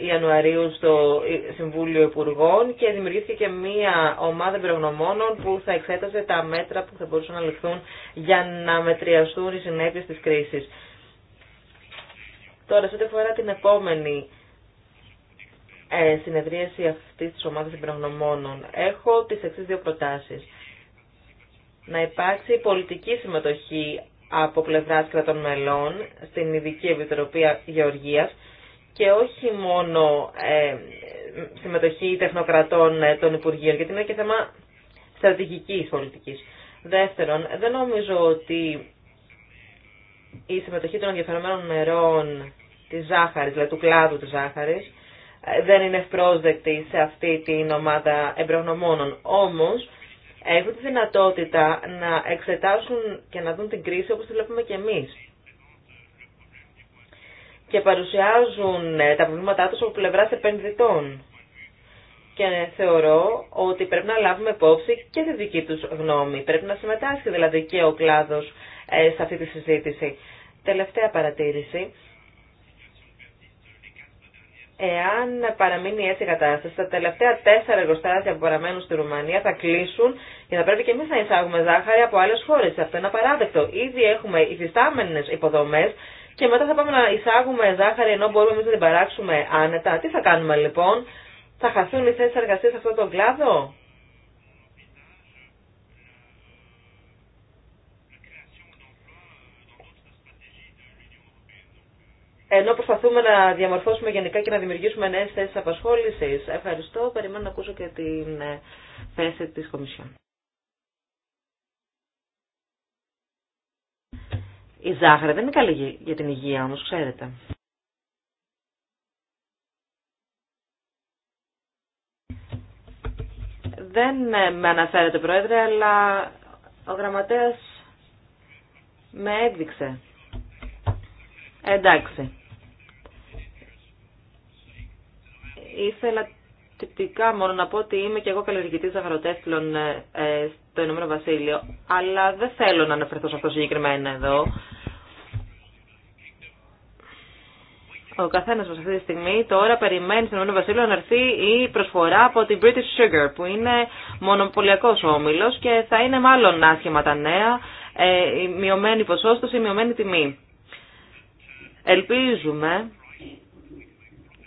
26 Ιανουαρίου στο Συμβούλιο Υπουργών και δημιουργήθηκε και μία ομάδα εμπειρογνωμόνων που θα εξέταζε τα μέτρα που θα μπορούσαν να ληφθούν για να μετριαστούν οι συνέπειες της κρίσης. Τώρα, σε ό,τι αφορά την επόμενη ε, συνεδρίαση αυτής της ομάδας εμπειρογνωμόνων, έχω τις εξής δύο προτάσεις. Να υπάρξει πολιτική συμμετοχή από πλευράς κρατών μελών στην Ειδική Επιτροπή Γεωργίας και όχι μόνο ε, συμμετοχή τεχνοκρατών ε, των Υπουργείων, γιατί είναι και θέμα στρατηγικής πολιτικής. Δεύτερον, δεν νομίζω ότι η συμμετοχή των ενδιαφερομένων μερών της ζάχαρης, δηλαδή του κλάδου της ζάχαρης, ε, δεν είναι ευπρόσδεκτη σε αυτή την ομάδα εμπρογνωμόνων. Όμως, έχουν τη δυνατότητα να εξετάσουν και να δουν την κρίση όπως τη βλέπουμε και εμείς. Και παρουσιάζουν ε, τα προβλήματά τους από πλευρά επενδυτών. Και θεωρώ ότι πρέπει να λάβουμε υπόψη και τη δική τους γνώμη. Πρέπει να συμμετάσχει δηλαδή και ο κλάδος ε, σε αυτή τη συζήτηση. Τελευταία παρατήρηση. Εάν παραμείνει έτσι η κατάσταση, τα τελευταία τέσσερα εργοστάσια που παραμένουν στη Ρουμανία θα κλείσουν και θα πρέπει και εμεί να εισάγουμε ζάχαρη από άλλε χώρε. Αυτό είναι απαράδεκτο. Ήδη έχουμε υφιστάμενε υποδομέ και μετά θα πάμε να εισάγουμε ζάχαρη ενώ μπορούμε εμεί να την παράξουμε άνετα. Τι θα κάνουμε λοιπόν, θα χαθούν οι θέσει εργασία σε αυτόν τον κλάδο. ενώ προσπαθούμε να διαμορφώσουμε γενικά και να δημιουργήσουμε νέε θέσει απασχόληση. Ευχαριστώ. Περιμένω να ακούσω και την ε, θέση τη Κομισιόν. Η ζάχαρη δεν είναι καλή για την υγεία όμως, ξέρετε. Δεν ε, με αναφέρετε, Πρόεδρε, αλλά ο γραμματέας με έδειξε. Εντάξει. Ήθελα τυπικά μόνο να πω ότι είμαι και εγώ καλλιεργητής ε, ε, στο Ηνωμένο Βασίλειο, αλλά δεν θέλω να αναφερθώ σε αυτό συγκεκριμένα εδώ. Ο καθένα μα αυτή τη στιγμή τώρα περιμένει στο Ηνωμένο Βασίλειο να έρθει η προσφορά από την British Sugar, που είναι μονοπωλιακό όμιλο και θα είναι μάλλον άσχημα τα νέα, ε, μειωμένη ποσόστοση, μειωμένη τιμή. Ελπίζουμε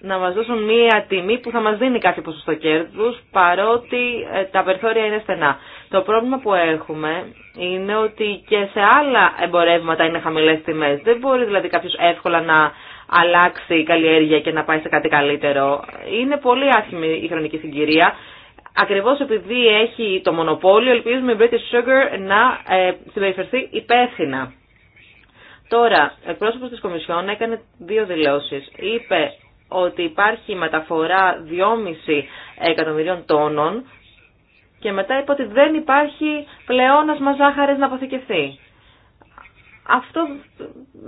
να μας δώσουν μία τιμή που θα μας δίνει κάποιο ποσοστό κέρδους, παρότι ε, τα περιθώρια είναι στενά. Το πρόβλημα που έχουμε είναι ότι και σε άλλα εμπορεύματα είναι χαμηλές τιμές. Δεν μπορεί δηλαδή κάποιος εύκολα να αλλάξει η καλλιέργεια και να πάει σε κάτι καλύτερο. Είναι πολύ άσχημη η χρονική συγκυρία. Ακριβώς επειδή έχει το μονοπόλιο, ελπίζουμε η British Sugar να ε, συμπεριφερθεί υπεύθυνα. Τώρα, εκπρόσωπος της Κομισιόν έκανε δύο δηλώσεις. Είπε ότι υπάρχει μεταφορά 2,5 εκατομμυρίων τόνων και μετά είπε ότι δεν υπάρχει πλεόνασμα ζάχαρης να αποθηκευθεί. Αυτό,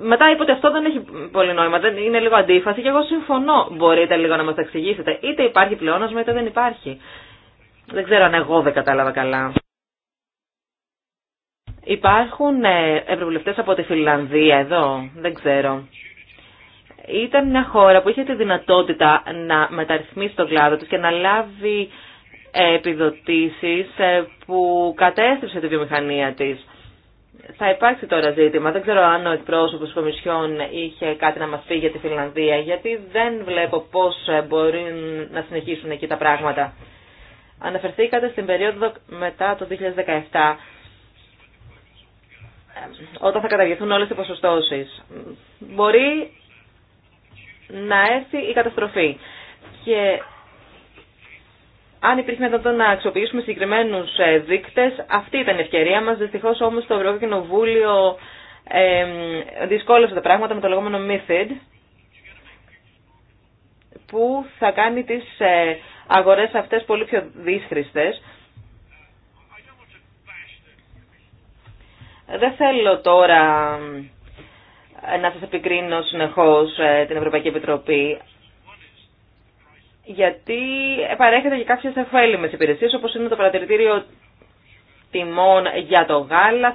μετά είπε ότι αυτό δεν έχει πολύ νόημα, δεν είναι λίγο αντίφαση και εγώ συμφωνώ. Μπορείτε λίγο να μας τα εξηγήσετε. Είτε υπάρχει πλεόνασμα είτε δεν υπάρχει. Δεν ξέρω αν εγώ δεν κατάλαβα καλά. Υπάρχουν ε, ευρωβουλευτές από τη Φιλανδία εδώ, δεν ξέρω ήταν μια χώρα που είχε τη δυνατότητα να μεταρρυθμίσει τον κλάδο της και να λάβει ε, επιδοτήσεις ε, που κατέστρεψε τη βιομηχανία της. Θα υπάρξει τώρα ζήτημα. Δεν ξέρω αν ο εκπρόσωπος της Κομισιόν είχε κάτι να μας πει για τη Φιλανδία, γιατί δεν βλέπω πώς ε, μπορεί να συνεχίσουν εκεί τα πράγματα. Αναφερθήκατε στην περίοδο μετά το 2017 όταν θα καταργηθούν όλες οι ποσοστώσεις. Μπορεί να έρθει η καταστροφή. Και αν υπήρχε τον να αξιοποιήσουμε συγκεκριμένου ε, δείκτε, αυτή ήταν η ευκαιρία μα. Δυστυχώ όμω το Ευρωπαϊκό Κοινοβούλιο ε, τα πράγματα με το λεγόμενο MIFID, που θα κάνει τι ε, αγορέ αυτέ πολύ πιο δύσχριστες. Δεν θέλω τώρα να σας επικρίνω συνεχώς ε, την Ευρωπαϊκή Επιτροπή γιατί παρέχεται και κάποιες εφέλιμες υπηρεσίες όπως είναι το παρατηρητήριο τιμών για το γάλα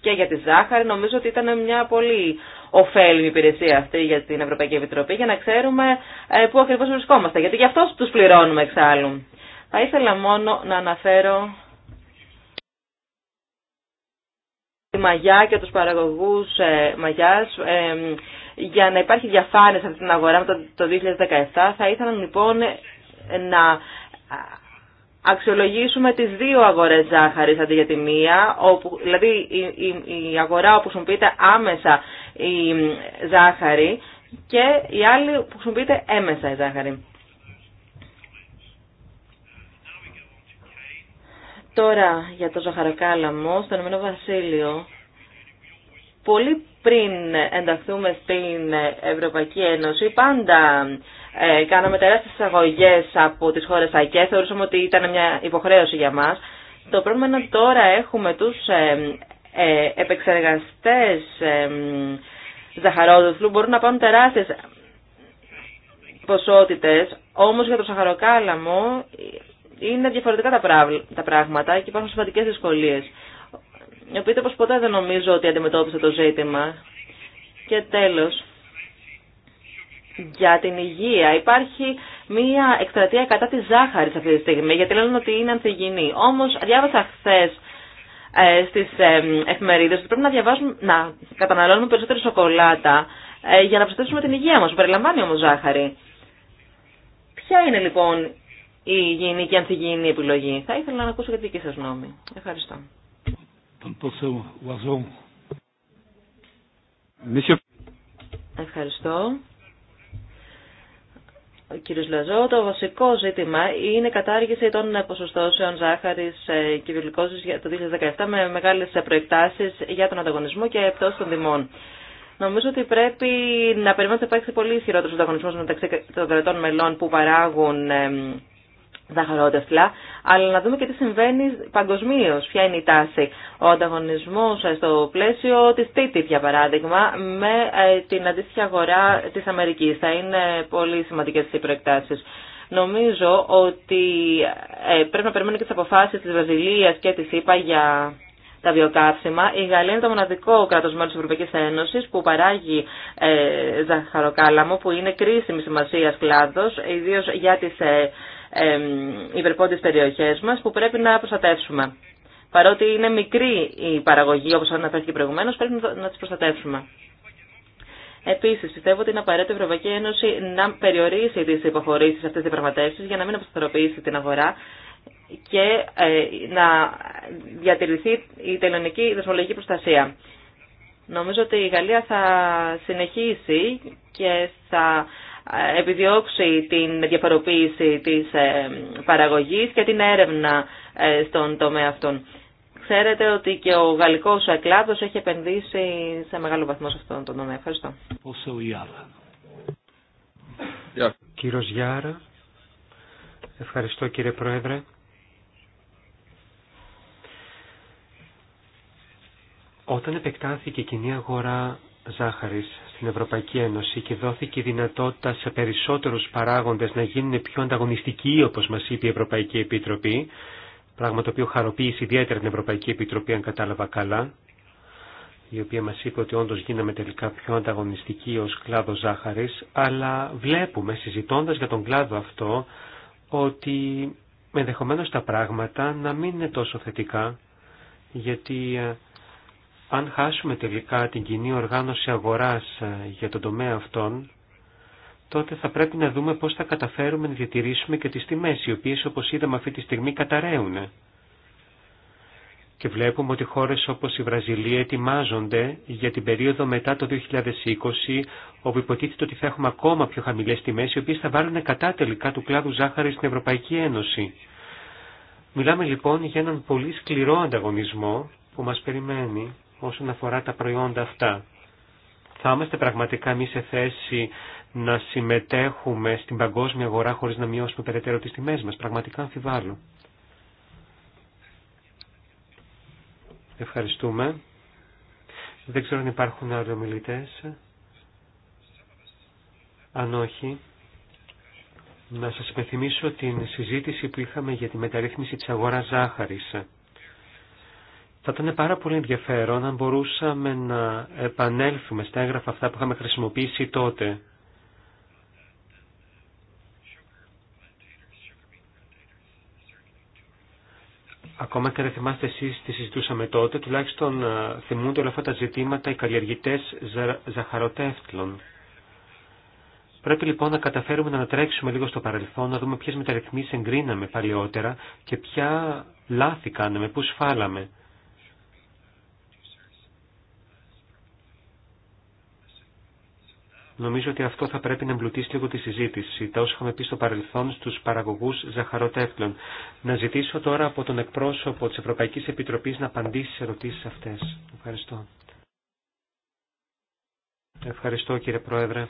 και για τη ζάχαρη. Νομίζω ότι ήταν μια πολύ ωφέλιμη υπηρεσία αυτή για την Ευρωπαϊκή Επιτροπή για να ξέρουμε ε, πού ακριβώς βρισκόμαστε. Γιατί γι' αυτό τους πληρώνουμε εξάλλου. Θα ήθελα μόνο να αναφέρω τη μαγιά και τους παραγωγούς ε, μαγιάς ε, για να υπάρχει διαφάνεια σε αυτή την αγορά μετά το 2017. Θα ήθελα λοιπόν να αξιολογήσουμε τις δύο αγορές ζάχαρης αντί για τη μία, όπου, δηλαδή η, η, η αγορά όπου χρησιμοποιείται άμεσα η ε, ζάχαρη και η άλλη που χρησιμοποιείται έμεσα η ζάχαρη. Τώρα για το ζαχαροκάλαμο στον Ηνωμένο Βασίλειο. Πολύ πριν ενταχθούμε στην Ευρωπαϊκή Ένωση, πάντα ε, κάναμε τεράστιες εισαγωγέ από τις χώρες ΑΚΕ. Θεωρούσαμε ότι ήταν μια υποχρέωση για μας. Το πρόβλημα είναι ότι τώρα έχουμε τους ε, ε, επεξεργαστές ε, ζαχαρόδοθλου. Μπορούν να πάρουν τεράστιες ποσότητες, όμως για το ζαχαροκάλαμο είναι διαφορετικά τα πράγματα και υπάρχουν σημαντικέ δυσκολίε. Ο πως ποτέ δεν νομίζω ότι αντιμετώπισε το ζήτημα. Και τέλο. για την υγεία υπάρχει μία εκστρατεία κατά τη ζάχαρη αυτή τη στιγμή, γιατί λένε ότι είναι ανθυγινή. Όμω, διάβασα χθε ε, στις ε, εφημερίδες ότι πρέπει να, διαβάζουμε, να καταναλώνουμε περισσότερη σοκολάτα ε, για να προστατεύσουμε την υγεία μα, περιλαμβάνει όμως ζάχαρη. Ποια είναι λοιπόν η υγιεινή και ανθυγιεινή επιλογή. Θα ήθελα να ακούσω και τη δική σα γνώμη. Ευχαριστώ. Ευχαριστώ. Ο κύριος Λαζό, το βασικό ζήτημα είναι η κατάργηση των ποσοστώσεων ζάχαρης ε, και γλυκόζης το 2017 με μεγάλες προεκτάσεις για τον ανταγωνισμό και πτώση των δημών. Νομίζω ότι πρέπει να περιμένουμε ότι υπάρξει πολύ ισχυρότερο ανταγωνισμό μεταξύ των κρατών μελών που παράγουν ε, αλλά να δούμε και τι συμβαίνει παγκοσμίω, ποια είναι η τάση. Ο ανταγωνισμό ε, στο πλαίσιο τη Τίτη, για παράδειγμα, με ε, την αντίστοιχη αγορά τη Αμερική. Θα είναι πολύ σημαντικέ οι προεκτάσει. Νομίζω ότι ε, πρέπει να περιμένουμε και τι αποφάσει τη Βραζιλία και τη ΗΠΑ για τα βιοκαύσιμα. Η Γαλλία είναι το μοναδικό κράτο μέλο τη Ευρωπαϊκή Ένωση που παράγει ε, ζαχαροκάλαμο, που είναι κρίσιμη σημασία κλάδο, ιδίω για τι υπερπόντιες περιοχές μας που πρέπει να προστατεύσουμε. Παρότι είναι μικρή η παραγωγή, όπως αναφέρθηκε προηγουμένως, πρέπει να τις προστατεύσουμε. Επίση, πιστεύω ότι είναι απαραίτητο η Ευρωπαϊκή Ένωση να περιορίσει τι υποχωρήσει αυτέ τι διαπραγματεύσει για να μην αποσταθεροποιήσει την αγορά και ε, να διατηρηθεί η τελωνική δεσμολογική προστασία. Νομίζω ότι η Γαλλία θα συνεχίσει και θα επιδιώξει την διαφοροποίηση της ε, παραγωγής και την έρευνα ε, στον τομέα αυτόν. Ξέρετε ότι και ο γαλλικός κλάδος έχει επενδύσει σε μεγάλο βαθμό σε αυτόν τον τομέα. Ευχαριστώ. Κύριος Γιάρα, ευχαριστώ κύριε Πρόεδρε. Όταν επεκτάθηκε η κοινή αγορά ζάχαρης στην Ευρωπαϊκή Ένωση και δόθηκε η δυνατότητα σε περισσότερους παράγοντες να γίνουν πιο ανταγωνιστικοί, όπως μας είπε η Ευρωπαϊκή Επιτροπή, πράγμα το οποίο χαροποίησε ιδιαίτερα την Ευρωπαϊκή Επιτροπή, αν κατάλαβα καλά, η οποία μας είπε ότι όντως γίναμε τελικά πιο ανταγωνιστικοί ως κλάδο ζάχαρης, αλλά βλέπουμε, συζητώντας για τον κλάδο αυτό, ότι ενδεχομένως τα πράγματα να μην είναι τόσο θετικά, γιατί ε, αν χάσουμε τελικά την κοινή οργάνωση αγοράς ε, για τον τομέα αυτόν, τότε θα πρέπει να δούμε πώς θα καταφέρουμε να διατηρήσουμε και τις τιμές, οι οποίες όπως είδαμε αυτή τη στιγμή καταραίουν. Και βλέπουμε ότι χώρες όπως η Βραζιλία ετοιμάζονται για την περίοδο μετά το 2020, όπου υποτίθεται ότι θα έχουμε ακόμα πιο χαμηλές τιμές, οι οποίες θα βάλουν κατά τελικά του κλάδου ζάχαρης στην Ευρωπαϊκή Ένωση. Μιλάμε λοιπόν για έναν πολύ σκληρό ανταγωνισμό που μας περιμένει όσον αφορά τα προϊόντα αυτά. Θα είμαστε πραγματικά εμεί σε θέση να συμμετέχουμε στην παγκόσμια αγορά χωρίς να μειώσουμε περαιτέρω τις τιμές μας. Πραγματικά αμφιβάλλω. Ευχαριστούμε. Δεν ξέρω αν υπάρχουν άλλοι ομιλητές. Αν όχι, να σας υπενθυμίσω την συζήτηση που είχαμε για τη μεταρρύθμιση της αγοράς ζάχαρης. Θα ήταν πάρα πολύ ενδιαφέρον αν μπορούσαμε να επανέλθουμε στα έγγραφα αυτά που είχαμε χρησιμοποιήσει τότε. Ακόμα και δεν θυμάστε εσείς τι συζητούσαμε τότε, τουλάχιστον ε, θυμούνται όλα αυτά τα ζητήματα οι καλλιεργητές ζαχαροτεύτλων. Πρέπει λοιπόν να καταφέρουμε να ανατρέξουμε λίγο στο παρελθόν, να δούμε ποιες μεταρρυθμίσεις εγκρίναμε παλιότερα και ποια λάθη κάναμε, πού σφάλαμε. Νομίζω ότι αυτό θα πρέπει να εμπλουτίσει λίγο τη συζήτηση, τα όσα είχαμε πει στο παρελθόν στους παραγωγούς ζαχαροτέφλων. Να ζητήσω τώρα από τον εκπρόσωπο τη Ευρωπαϊκή Επιτροπής να απαντήσει σε ερωτήσεις αυτές. Ευχαριστώ. Ευχαριστώ κύριε Πρόεδρε.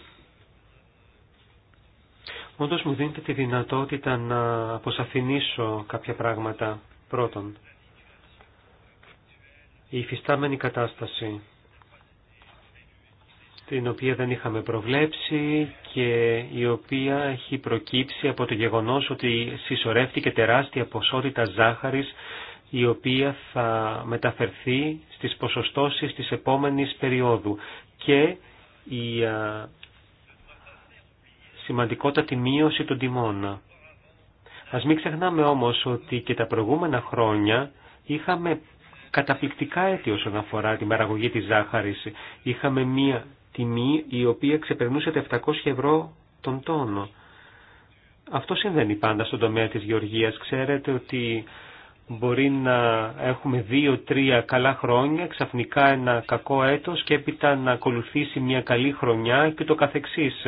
Όντω μου δίνετε τη δυνατότητα να αποσαφηνίσω κάποια πράγματα. Πρώτον, η υφιστάμενη κατάσταση την οποία δεν είχαμε προβλέψει και η οποία έχει προκύψει από το γεγονός ότι συσσωρεύτηκε τεράστια ποσότητα ζάχαρης η οποία θα μεταφερθεί στις ποσοστώσεις της επόμενης περίοδου και η α, σημαντικότατη μείωση των τιμών. Ας μην ξεχνάμε όμως ότι και τα προηγούμενα χρόνια είχαμε καταπληκτικά έτη όσον αφορά την παραγωγή της ζάχαρης. Είχαμε μία η οποία ξεπερνούσε τα 700 ευρώ τον τόνο. Αυτό συμβαίνει πάντα στον τομέα της γεωργίας. Ξέρετε ότι μπορεί να έχουμε δύο-τρία καλά χρόνια, ξαφνικά ένα κακό έτος και έπειτα να ακολουθήσει μια καλή χρονιά και το καθεξής.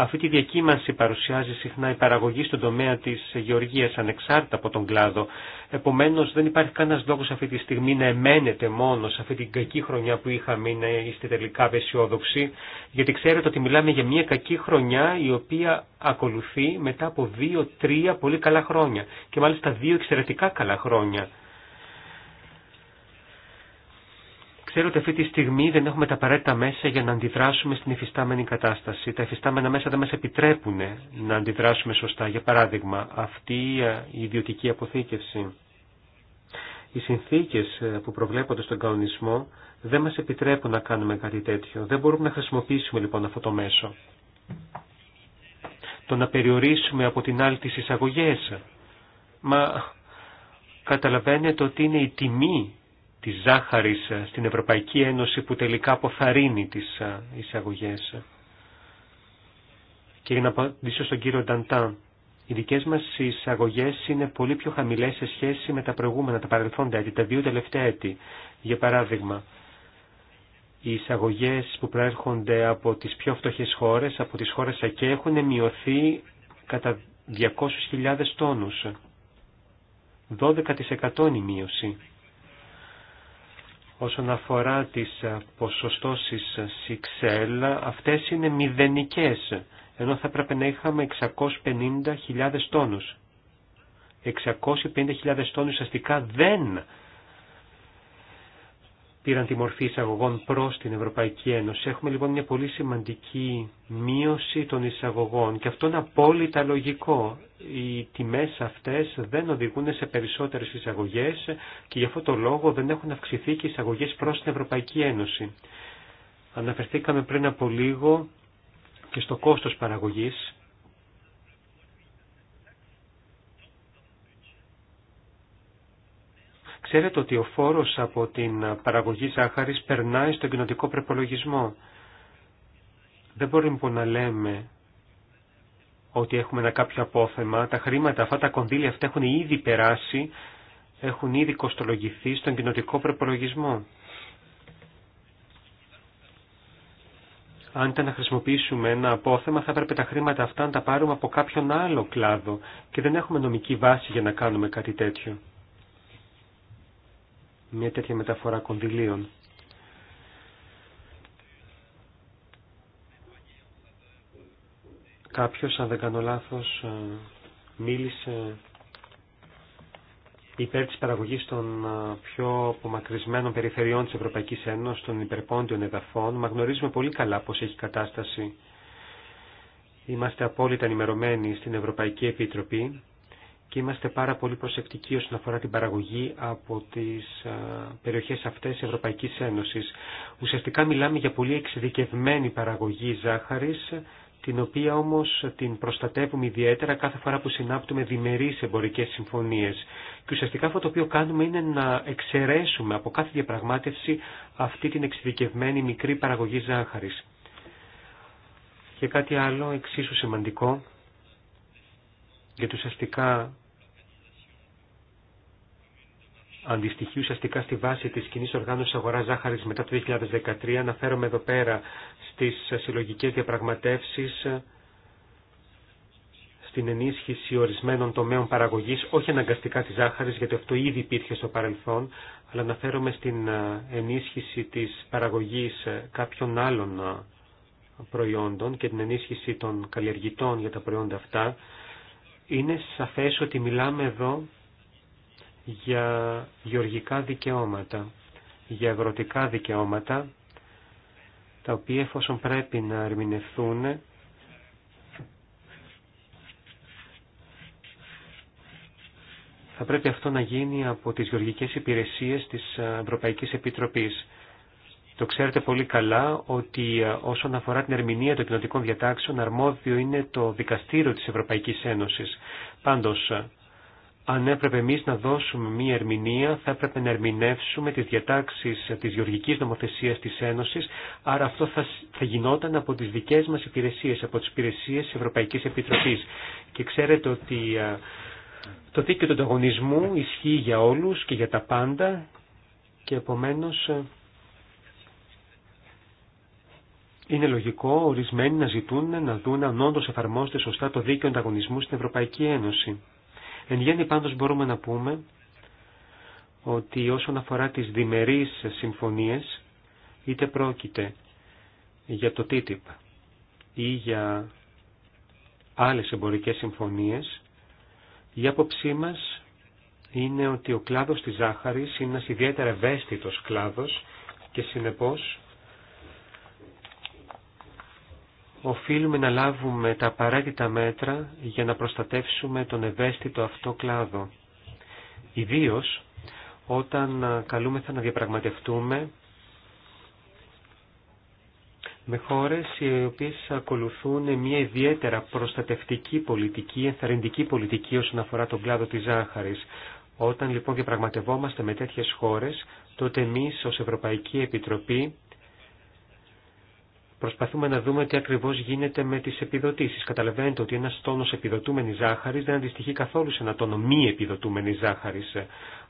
Αυτή τη διακύμανση παρουσιάζει συχνά η παραγωγή στον τομέα της γεωργίας ανεξάρτητα από τον κλάδο. Επομένως δεν υπάρχει κανένας λόγος αυτή τη στιγμή να εμένετε μόνο σε αυτή την κακή χρονιά που είχαμε ή να είστε τελικά απεσιόδοξοι, γιατί ξέρετε ότι μιλάμε για μια κακή χρονιά η οποία ακολουθεί μετά από δύο-τρία πολύ καλά χρόνια και μάλιστα δύο εξαιρετικά καλά χρόνια. Ξέρω ότι αυτή τη στιγμή δεν έχουμε τα απαραίτητα μέσα για να αντιδράσουμε στην εφιστάμενη κατάσταση. Τα εφιστάμενα μέσα δεν μας επιτρέπουν να αντιδράσουμε σωστά. Για παράδειγμα, αυτή ε, η ιδιωτική αποθήκευση. Οι συνθήκες ε, που προβλέπονται στον κανονισμό δεν μας επιτρέπουν να κάνουμε κάτι τέτοιο. Δεν μπορούμε να χρησιμοποιήσουμε λοιπόν αυτό το μέσο. Το να περιορίσουμε από την άλλη τις εισαγωγές. Μα καταλαβαίνετε ότι είναι η τιμή της ζάχαρης ε, στην Ευρωπαϊκή Ένωση που τελικά αποθαρρύνει τις ε, εισαγωγές. Και για να απαντήσω στον κύριο Νταντάν, οι δικές μας εισαγωγές είναι πολύ πιο χαμηλές σε σχέση με τα προηγούμενα, τα παρελθόντα έτη, τα δύο τελευταία έτη. Για παράδειγμα, οι εισαγωγές που προέρχονται από τις πιο φτωχές χώρες, από τις χώρες ΑΚΕ, έχουν μειωθεί κατά 200.000 τόνους. 12% η μείωση όσον αφορά τις ε, ποσοστώσεις ε, ΣΥΞΕΛ, αυτές είναι μηδενικές, ενώ θα έπρεπε να είχαμε 650.000 τόνους. 650.000 τόνους αστικά δεν πήραν τη μορφή εισαγωγών προς την Ευρωπαϊκή Ένωση. Έχουμε λοιπόν μια πολύ σημαντική μείωση των εισαγωγών και αυτό είναι απόλυτα λογικό. Οι τιμές αυτές δεν οδηγούν σε περισσότερες εισαγωγές και γι' αυτό το λόγο δεν έχουν αυξηθεί και εισαγωγές προς την Ευρωπαϊκή Ένωση. Αναφερθήκαμε πριν από λίγο και στο κόστος παραγωγής Ξέρετε ότι ο φόρος από την παραγωγή ζάχαρης περνάει στον κοινοτικό προπολογισμό. Δεν μπορούμε λοιπόν να λέμε ότι έχουμε ένα κάποιο απόθεμα. Τα χρήματα αυτά, τα κονδύλια αυτά έχουν ήδη περάσει, έχουν ήδη κοστολογηθεί στον κοινοτικό προπολογισμό. Αν ήταν να χρησιμοποιήσουμε ένα απόθεμα θα έπρεπε τα χρήματα αυτά να τα πάρουμε από κάποιον άλλο κλάδο και δεν έχουμε νομική βάση για να κάνουμε κάτι τέτοιο μια τέτοια μεταφορά κονδυλίων. Κάποιος, αν δεν κάνω λάθος, ε, μίλησε υπέρ της παραγωγής των ε, πιο απομακρυσμένων περιφερειών της Ευρωπαϊκής Ένωσης, των υπερπόντιων εδαφών. Μα γνωρίζουμε πολύ καλά πώς έχει κατάσταση. Είμαστε απόλυτα ενημερωμένοι στην Ευρωπαϊκή Επιτροπή και είμαστε πάρα πολύ προσεκτικοί όσον αφορά την παραγωγή από τις ε, περιοχές αυτές της Ευρωπαϊκής Ένωσης. Ουσιαστικά μιλάμε για πολύ εξειδικευμένη παραγωγή ζάχαρης, την οποία όμως την προστατεύουμε ιδιαίτερα κάθε φορά που συνάπτουμε διμερείς εμπορικές συμφωνίες. Και ουσιαστικά αυτό το οποίο κάνουμε είναι να εξαιρέσουμε από κάθε διαπραγμάτευση αυτή την εξειδικευμένη μικρή παραγωγή ζάχαρης. Και κάτι άλλο εξίσου σημαντικό, γιατί ουσιαστικά αντιστοιχεί ουσιαστικά στη βάση της κοινή οργάνωσης αγοράς ζάχαρης μετά το 2013. Αναφέρομαι εδώ πέρα στις συλλογικές διαπραγματεύσεις στην ενίσχυση ορισμένων τομέων παραγωγής, όχι αναγκαστικά της ζάχαρης, γιατί αυτό ήδη υπήρχε στο παρελθόν, αλλά αναφέρομαι στην ενίσχυση της παραγωγής κάποιων άλλων προϊόντων και την ενίσχυση των καλλιεργητών για τα προϊόντα αυτά, είναι σαφές ότι μιλάμε εδώ για γεωργικά δικαιώματα, για αγροτικά δικαιώματα, τα οποία εφόσον πρέπει να ερμηνευθούν, θα πρέπει αυτό να γίνει από τις γεωργικές υπηρεσίες της Ευρωπαϊκής Επιτροπής. Το ξέρετε πολύ καλά ότι ε, όσον αφορά την ερμηνεία των κοινωτικών διατάξεων αρμόδιο είναι το Δικαστήριο της Ευρωπαϊκής Ένωσης. Πάντως, ε, αν έπρεπε εμεί να δώσουμε μία ερμηνεία, θα έπρεπε να ερμηνεύσουμε τι διατάξει τη γεωργική νομοθεσία τη Ένωση, άρα αυτό θα, θα γινόταν από τι δικέ μα υπηρεσίε, από τι υπηρεσίε τη Ευρωπαϊκή Επιτροπή. Και ξέρετε ότι το δίκαιο του ανταγωνισμού ισχύει για όλου και για τα πάντα και επομένω. Είναι λογικό ορισμένοι να ζητούν να δουν αν όντω εφαρμόζεται σωστά το δίκαιο ανταγωνισμού στην Ευρωπαϊκή Ένωση. Εν γέννη πάντως μπορούμε να πούμε ότι όσον αφορά τις διμερείς συμφωνίες, είτε πρόκειται για το TTIP ή για άλλες εμπορικές συμφωνίες, η άποψή μας είναι ότι ο κλάδος της ζάχαρης είναι ένας ιδιαίτερα ευαίσθητος κλάδος και συνεπώς οφείλουμε να λάβουμε τα απαραίτητα μέτρα για να προστατεύσουμε τον ευαίσθητο αυτό κλάδο. Ιδίω, όταν καλούμεθα να διαπραγματευτούμε με χώρες οι οποίες ακολουθούν μια ιδιαίτερα προστατευτική πολιτική, ενθαρρυντική πολιτική όσον αφορά τον κλάδο της ζάχαρης. Όταν λοιπόν διαπραγματευόμαστε με τέτοιες χώρες, τότε εμείς ως Ευρωπαϊκή Επιτροπή προσπαθούμε να δούμε τι ακριβώς γίνεται με τις επιδοτήσεις. Καταλαβαίνετε ότι ένας τόνος επιδοτούμενης ζάχαρης δεν αντιστοιχεί καθόλου σε ένα τόνο μη επιδοτούμενης ζάχαρης.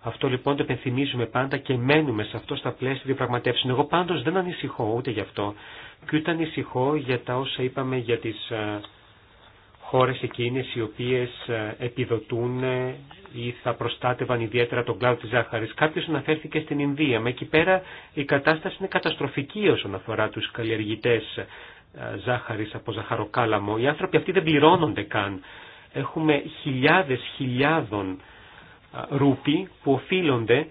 Αυτό λοιπόν το επενθυμίζουμε πάντα και μένουμε σε αυτό στα πλαίσια διαπραγματεύσεων. Εγώ πάντως δεν ανησυχώ ούτε γι' αυτό και ούτε ανησυχώ για τα όσα είπαμε για τις ε, χώρες εκείνες οι οποίες ε, επιδοτούν ε, ή θα προστάτευαν ιδιαίτερα τον κλάδο της ζάχαρης. Κάποιος αναφέρθηκε στην Ινδία. Με εκεί πέρα η κατάσταση είναι καταστροφική όσον αφορά τους καλλιεργητές ε, ζάχαρης από ζαχαροκάλαμο. Οι άνθρωποι αυτοί δεν πληρώνονται καν. Έχουμε χιλιάδες χιλιάδων ρούπι που οφείλονται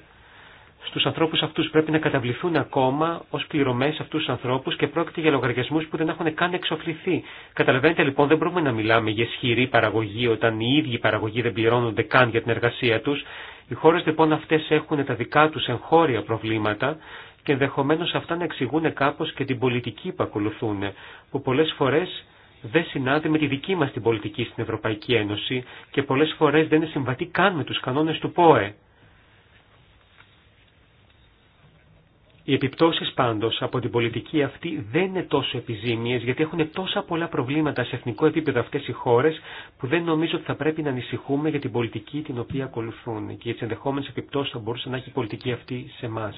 στους ανθρώπους αυτούς πρέπει να καταβληθούν ακόμα ως πληρωμές αυτούς τους ανθρώπους και πρόκειται για λογαριασμούς που δεν έχουν καν εξοφληθεί. Καταλαβαίνετε λοιπόν δεν μπορούμε να μιλάμε για ισχυρή παραγωγή όταν οι ίδιοι παραγωγοί δεν πληρώνονται καν για την εργασία τους. Οι χώρες λοιπόν αυτές έχουν τα δικά τους εγχώρια προβλήματα και ενδεχομένω αυτά να εξηγούν κάπως και την πολιτική που ακολουθούν, που πολλές φορές δεν συνάδει με τη δική μας την πολιτική στην Ευρωπαϊκή Ένωση και πολλές φορές δεν είναι συμβατή καν με τους κανόνες του ΠΟΕ. Οι επιπτώσεις πάντως από την πολιτική αυτή δεν είναι τόσο επιζήμιες γιατί έχουν τόσα πολλά προβλήματα σε εθνικό επίπεδο αυτές οι χώρες που δεν νομίζω ότι θα πρέπει να ανησυχούμε για την πολιτική την οποία ακολουθούν και για τις ενδεχόμενες επιπτώσεις θα μπορούσε να έχει η πολιτική αυτή σε εμά.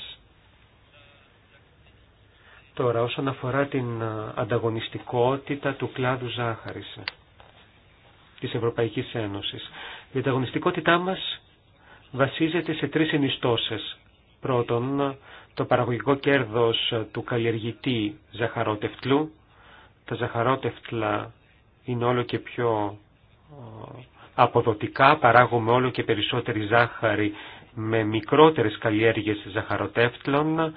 Τώρα όσον αφορά την ανταγωνιστικότητα του κλάδου ζάχαρης ε, της Ευρωπαϊκής Ένωσης. Η ανταγωνιστικότητά μας βασίζεται σε τρεις ενιστώσεις. Πρώτον, το παραγωγικό κέρδος του καλλιεργητή ζαχαρότευτλου. Τα ζαχαρότευτλα είναι όλο και πιο ε, αποδοτικά, παράγουμε όλο και περισσότερη ζάχαρη με μικρότερες καλλιέργειες ζαχαροτεύτλων.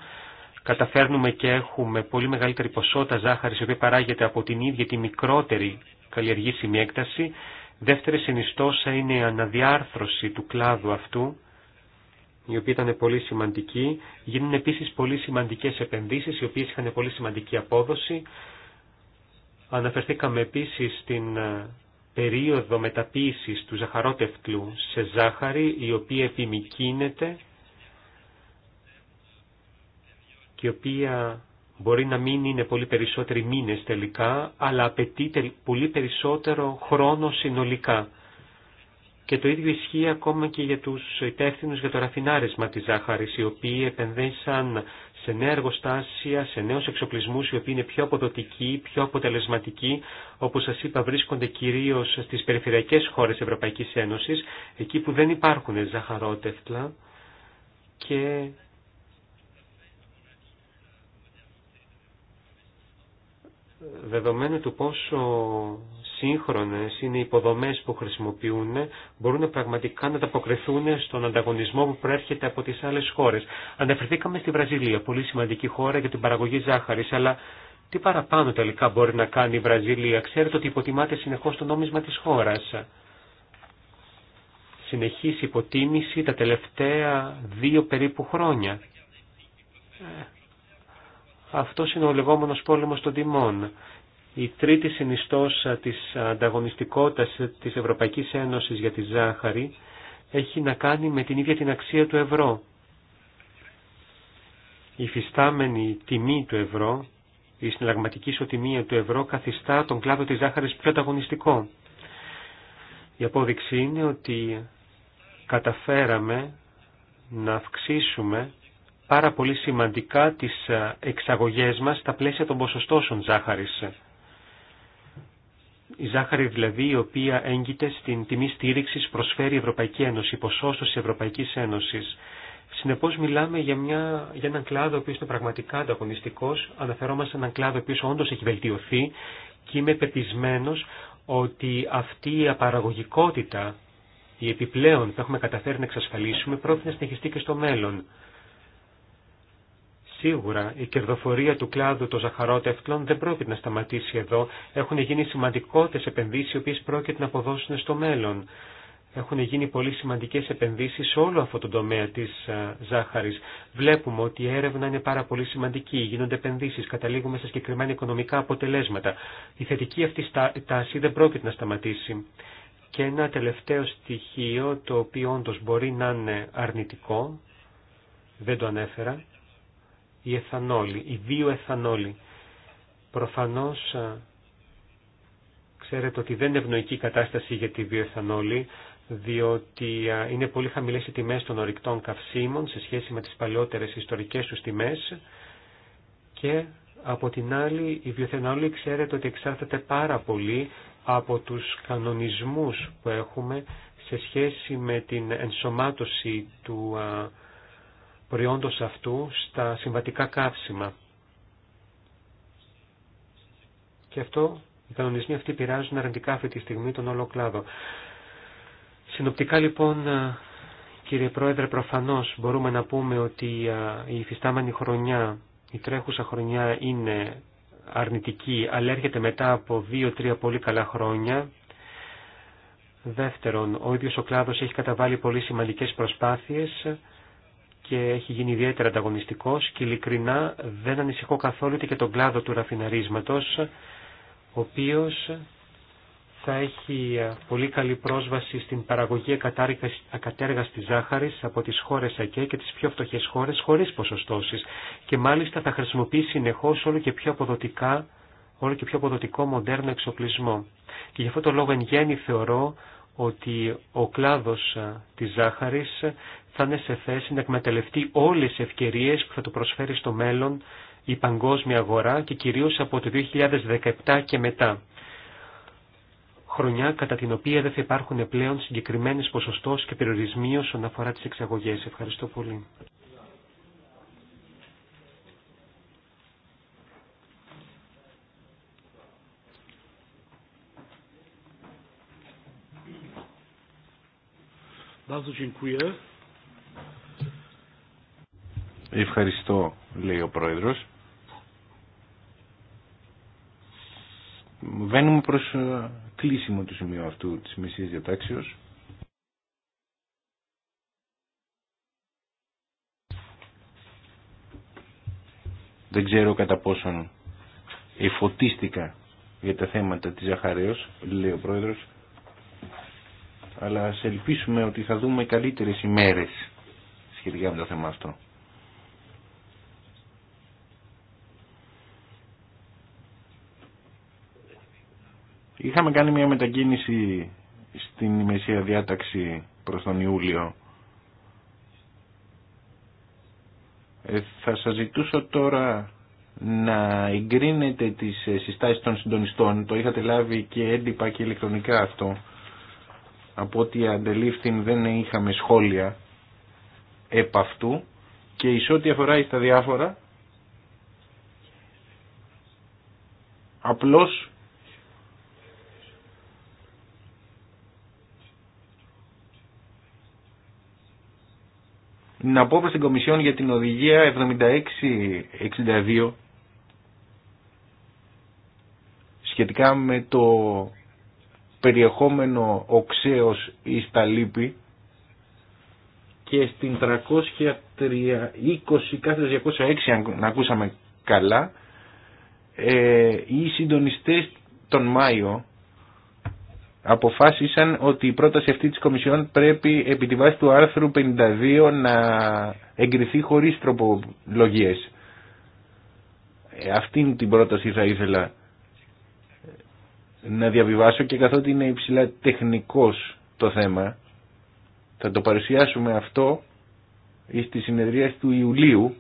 Καταφέρνουμε και έχουμε πολύ μεγαλύτερη ποσότητα ζάχαρης, η οποία παράγεται από την ίδια τη μικρότερη καλλιεργήσιμη έκταση. Δεύτερη συνιστόσα είναι η αναδιάρθρωση του κλάδου αυτού οι οποίοι ήταν πολύ σημαντικοί. Γίνουν επίσης πολύ σημαντικές επενδύσεις, οι οποίες είχαν πολύ σημαντική απόδοση. Αναφερθήκαμε επίσης στην ε, περίοδο μεταποίησης του ζαχαρότευτλου σε ζάχαρη, η οποία επιμικίνεται και η οποία μπορεί να μην είναι πολύ περισσότεροι μήνες τελικά, αλλά απαιτεί πολύ περισσότερο χρόνο συνολικά. Και το ίδιο ισχύει ακόμα και για τους υπεύθυνου για το ραφινάρισμα της ζάχαρης, οι οποίοι επενδύσαν σε νέα εργοστάσια, σε νέους εξοπλισμούς, οι οποίοι είναι πιο αποδοτικοί, πιο αποτελεσματικοί, όπως σας είπα βρίσκονται κυρίως στις περιφερειακές χώρες Ευρωπαϊκής Ένωσης, εκεί που δεν υπάρχουν ζαχαρότευτλα και δεδομένου του πόσο σύγχρονες είναι οι υποδομές που χρησιμοποιούν μπορούν πραγματικά να ανταποκριθούν στον ανταγωνισμό που προέρχεται από τις άλλες χώρες. Αναφερθήκαμε στη Βραζιλία, πολύ σημαντική χώρα για την παραγωγή ζάχαρης, αλλά τι παραπάνω τελικά μπορεί να κάνει η Βραζιλία. Ξέρετε ότι υποτιμάται συνεχώς το νόμισμα της χώρας. Συνεχής υποτίμηση τα τελευταία δύο περίπου χρόνια. Ε, Αυτό είναι ο λεγόμενος πόλεμος των τιμών. Η τρίτη συνιστόσα της ανταγωνιστικότητας της Ευρωπαϊκής Ένωσης για τη ζάχαρη έχει να κάνει με την ίδια την αξία του ευρώ. Η φυστάμενη τιμή του ευρώ, η συναλλαγματική ισοτιμία του ευρώ καθιστά τον κλάδο της ζάχαρης πιο ανταγωνιστικό. Η απόδειξη είναι ότι καταφέραμε να αυξήσουμε πάρα πολύ σημαντικά τις εξαγωγές μας στα πλαίσια των ποσοστώσεων ζάχαρης. Η ζάχαρη δηλαδή η οποία έγκυται στην τιμή στήριξης προσφέρει η Ευρωπαϊκή Ένωση, η ποσόστοση Ευρωπαϊκής Ένωσης. Συνεπώς μιλάμε για, μια, για έναν κλάδο ο οποίος είναι πραγματικά ανταγωνιστικός, αναφερόμαστε σε έναν κλάδο ο οποίος όντως έχει βελτιωθεί και είμαι πεπισμένο ότι αυτή η απαραγωγικότητα, η επιπλέον που έχουμε καταφέρει να εξασφαλίσουμε, πρόκειται να συνεχιστεί και στο μέλλον. Σίγουρα η κερδοφορία του κλάδου των ζαχαρότευτλων δεν πρόκειται να σταματήσει εδώ. Έχουν γίνει σημαντικότερε επενδύσει οι οποίε πρόκειται να αποδώσουν στο μέλλον. Έχουν γίνει πολύ σημαντικέ επενδύσει σε όλο αυτό το τομέα τη ζάχαρη. Βλέπουμε ότι η έρευνα είναι πάρα πολύ σημαντική. Γίνονται επενδύσει, καταλήγουμε σε συγκεκριμένα οικονομικά αποτελέσματα. Η θετική αυτή τάση δεν πρόκειται να σταματήσει. Και ένα τελευταίο στοιχείο το οποίο όντω μπορεί να είναι αρνητικό, δεν το ανέφερα, η εθανόλη, η βιοεθανόλη. Προφανώς ξέρετε ότι δεν είναι ευνοϊκή κατάσταση για τη βιοεθανόλη, διότι είναι πολύ χαμηλές οι τιμές των ορυκτών καυσίμων σε σχέση με τις παλαιότερες ιστορικές τους τιμές και από την άλλη η βιοεθανόλη ξέρετε ότι εξάρτηται πάρα πολύ από τους κανονισμούς που έχουμε σε σχέση με την ενσωμάτωση του προϊόντος αυτού στα συμβατικά καύσιμα. Και αυτό, οι κανονισμοί αυτοί πειράζουν αρνητικά αυτή τη στιγμή τον όλο κλάδο. Συνοπτικά λοιπόν, κύριε Πρόεδρε, προφανώς μπορούμε να πούμε ότι η υφιστάμενη χρονιά, η τρέχουσα χρονιά είναι αρνητική, αλλά έρχεται μετά από δύο-τρία πολύ καλά χρόνια. Δεύτερον, ο ίδιος ο κλάδος έχει καταβάλει πολύ σημαντικές προσπάθειες και έχει γίνει ιδιαίτερα ανταγωνιστικός και ειλικρινά δεν ανησυχώ καθόλου και τον κλάδο του ραφιναρίσματος, ο οποίος θα έχει πολύ καλή πρόσβαση στην παραγωγή ακατέργαστης ζάχαρης από τις χώρες ΑΚΕ και τις πιο φτωχές χώρες χωρίς ποσοστώσεις και μάλιστα θα χρησιμοποιήσει συνεχώς όλο και πιο αποδοτικά όλο και πιο αποδοτικό μοντέρνο εξοπλισμό. Και γι' αυτό το λόγο εν γέννη θεωρώ ότι ο κλάδος της ζάχαρης θα είναι σε θέση να εκμεταλλευτεί όλες τις ευκαιρίες που θα του προσφέρει στο μέλλον η παγκόσμια αγορά και κυρίως από το 2017 και μετά. Χρονιά κατά την οποία δεν θα υπάρχουν πλέον συγκεκριμένες ποσοστός και περιορισμοί όσον αφορά τις εξαγωγές. Ευχαριστώ πολύ. Ευχαριστώ, λέει ο Πρόεδρος. Βαίνουμε προς ε, κλείσιμο του σημείου αυτού της μεσής διατάξεως. Δεν ξέρω κατά πόσον εφωτίστηκα για τα θέματα της Ζαχαρέως, λέει ο Πρόεδρος αλλά ας ελπίσουμε ότι θα δούμε καλύτερες ημέρες σχετικά με το θέμα αυτό. Είχαμε κάνει μια μετακίνηση στην ημεσία διάταξη προς τον Ιούλιο. Ε, θα σας ζητούσα τώρα να εγκρίνετε τις ε, συστάσεις των συντονιστών. Το είχατε λάβει και έντυπα και ηλεκτρονικά αυτό από ό,τι αντελήφθην δεν είχαμε σχόλια επ' αυτού και εις ό,τι αφορά στα διάφορα απλώς να πω προς την Κομισιόν για την οδηγία 76-62 σχετικά με το περιεχόμενο οξέως ή τα λύπη και στην 320 κάθε 206 αν ακούσαμε καλά ε, οι συντονιστές τον Μάιο αποφάσισαν ότι η πρόταση αυτή της Κομισιόν πρέπει επί τη βάση του άρθρου 52 να εγκριθεί χωρίς τροπολογίες. Ε, αυτήν την πρόταση θα ήθελα να διαβιβάσω και καθότι είναι υψηλά τεχνικός το θέμα θα το παρουσιάσουμε αυτό στη συνεδρία του Ιουλίου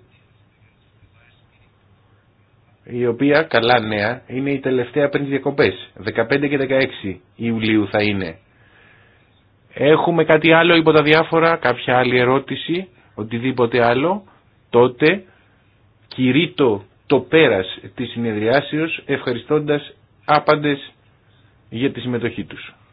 η οποία, καλά νέα, είναι η τελευταία πριν τις διακοπές. 15 και 16 Ιουλίου θα είναι. Έχουμε κάτι άλλο υπό τα διάφορα, κάποια άλλη ερώτηση, οτιδήποτε άλλο, τότε κηρύττω το πέρας της συνεδριάσεως ευχαριστώντας άπαντες για τη συμμετοχή τους.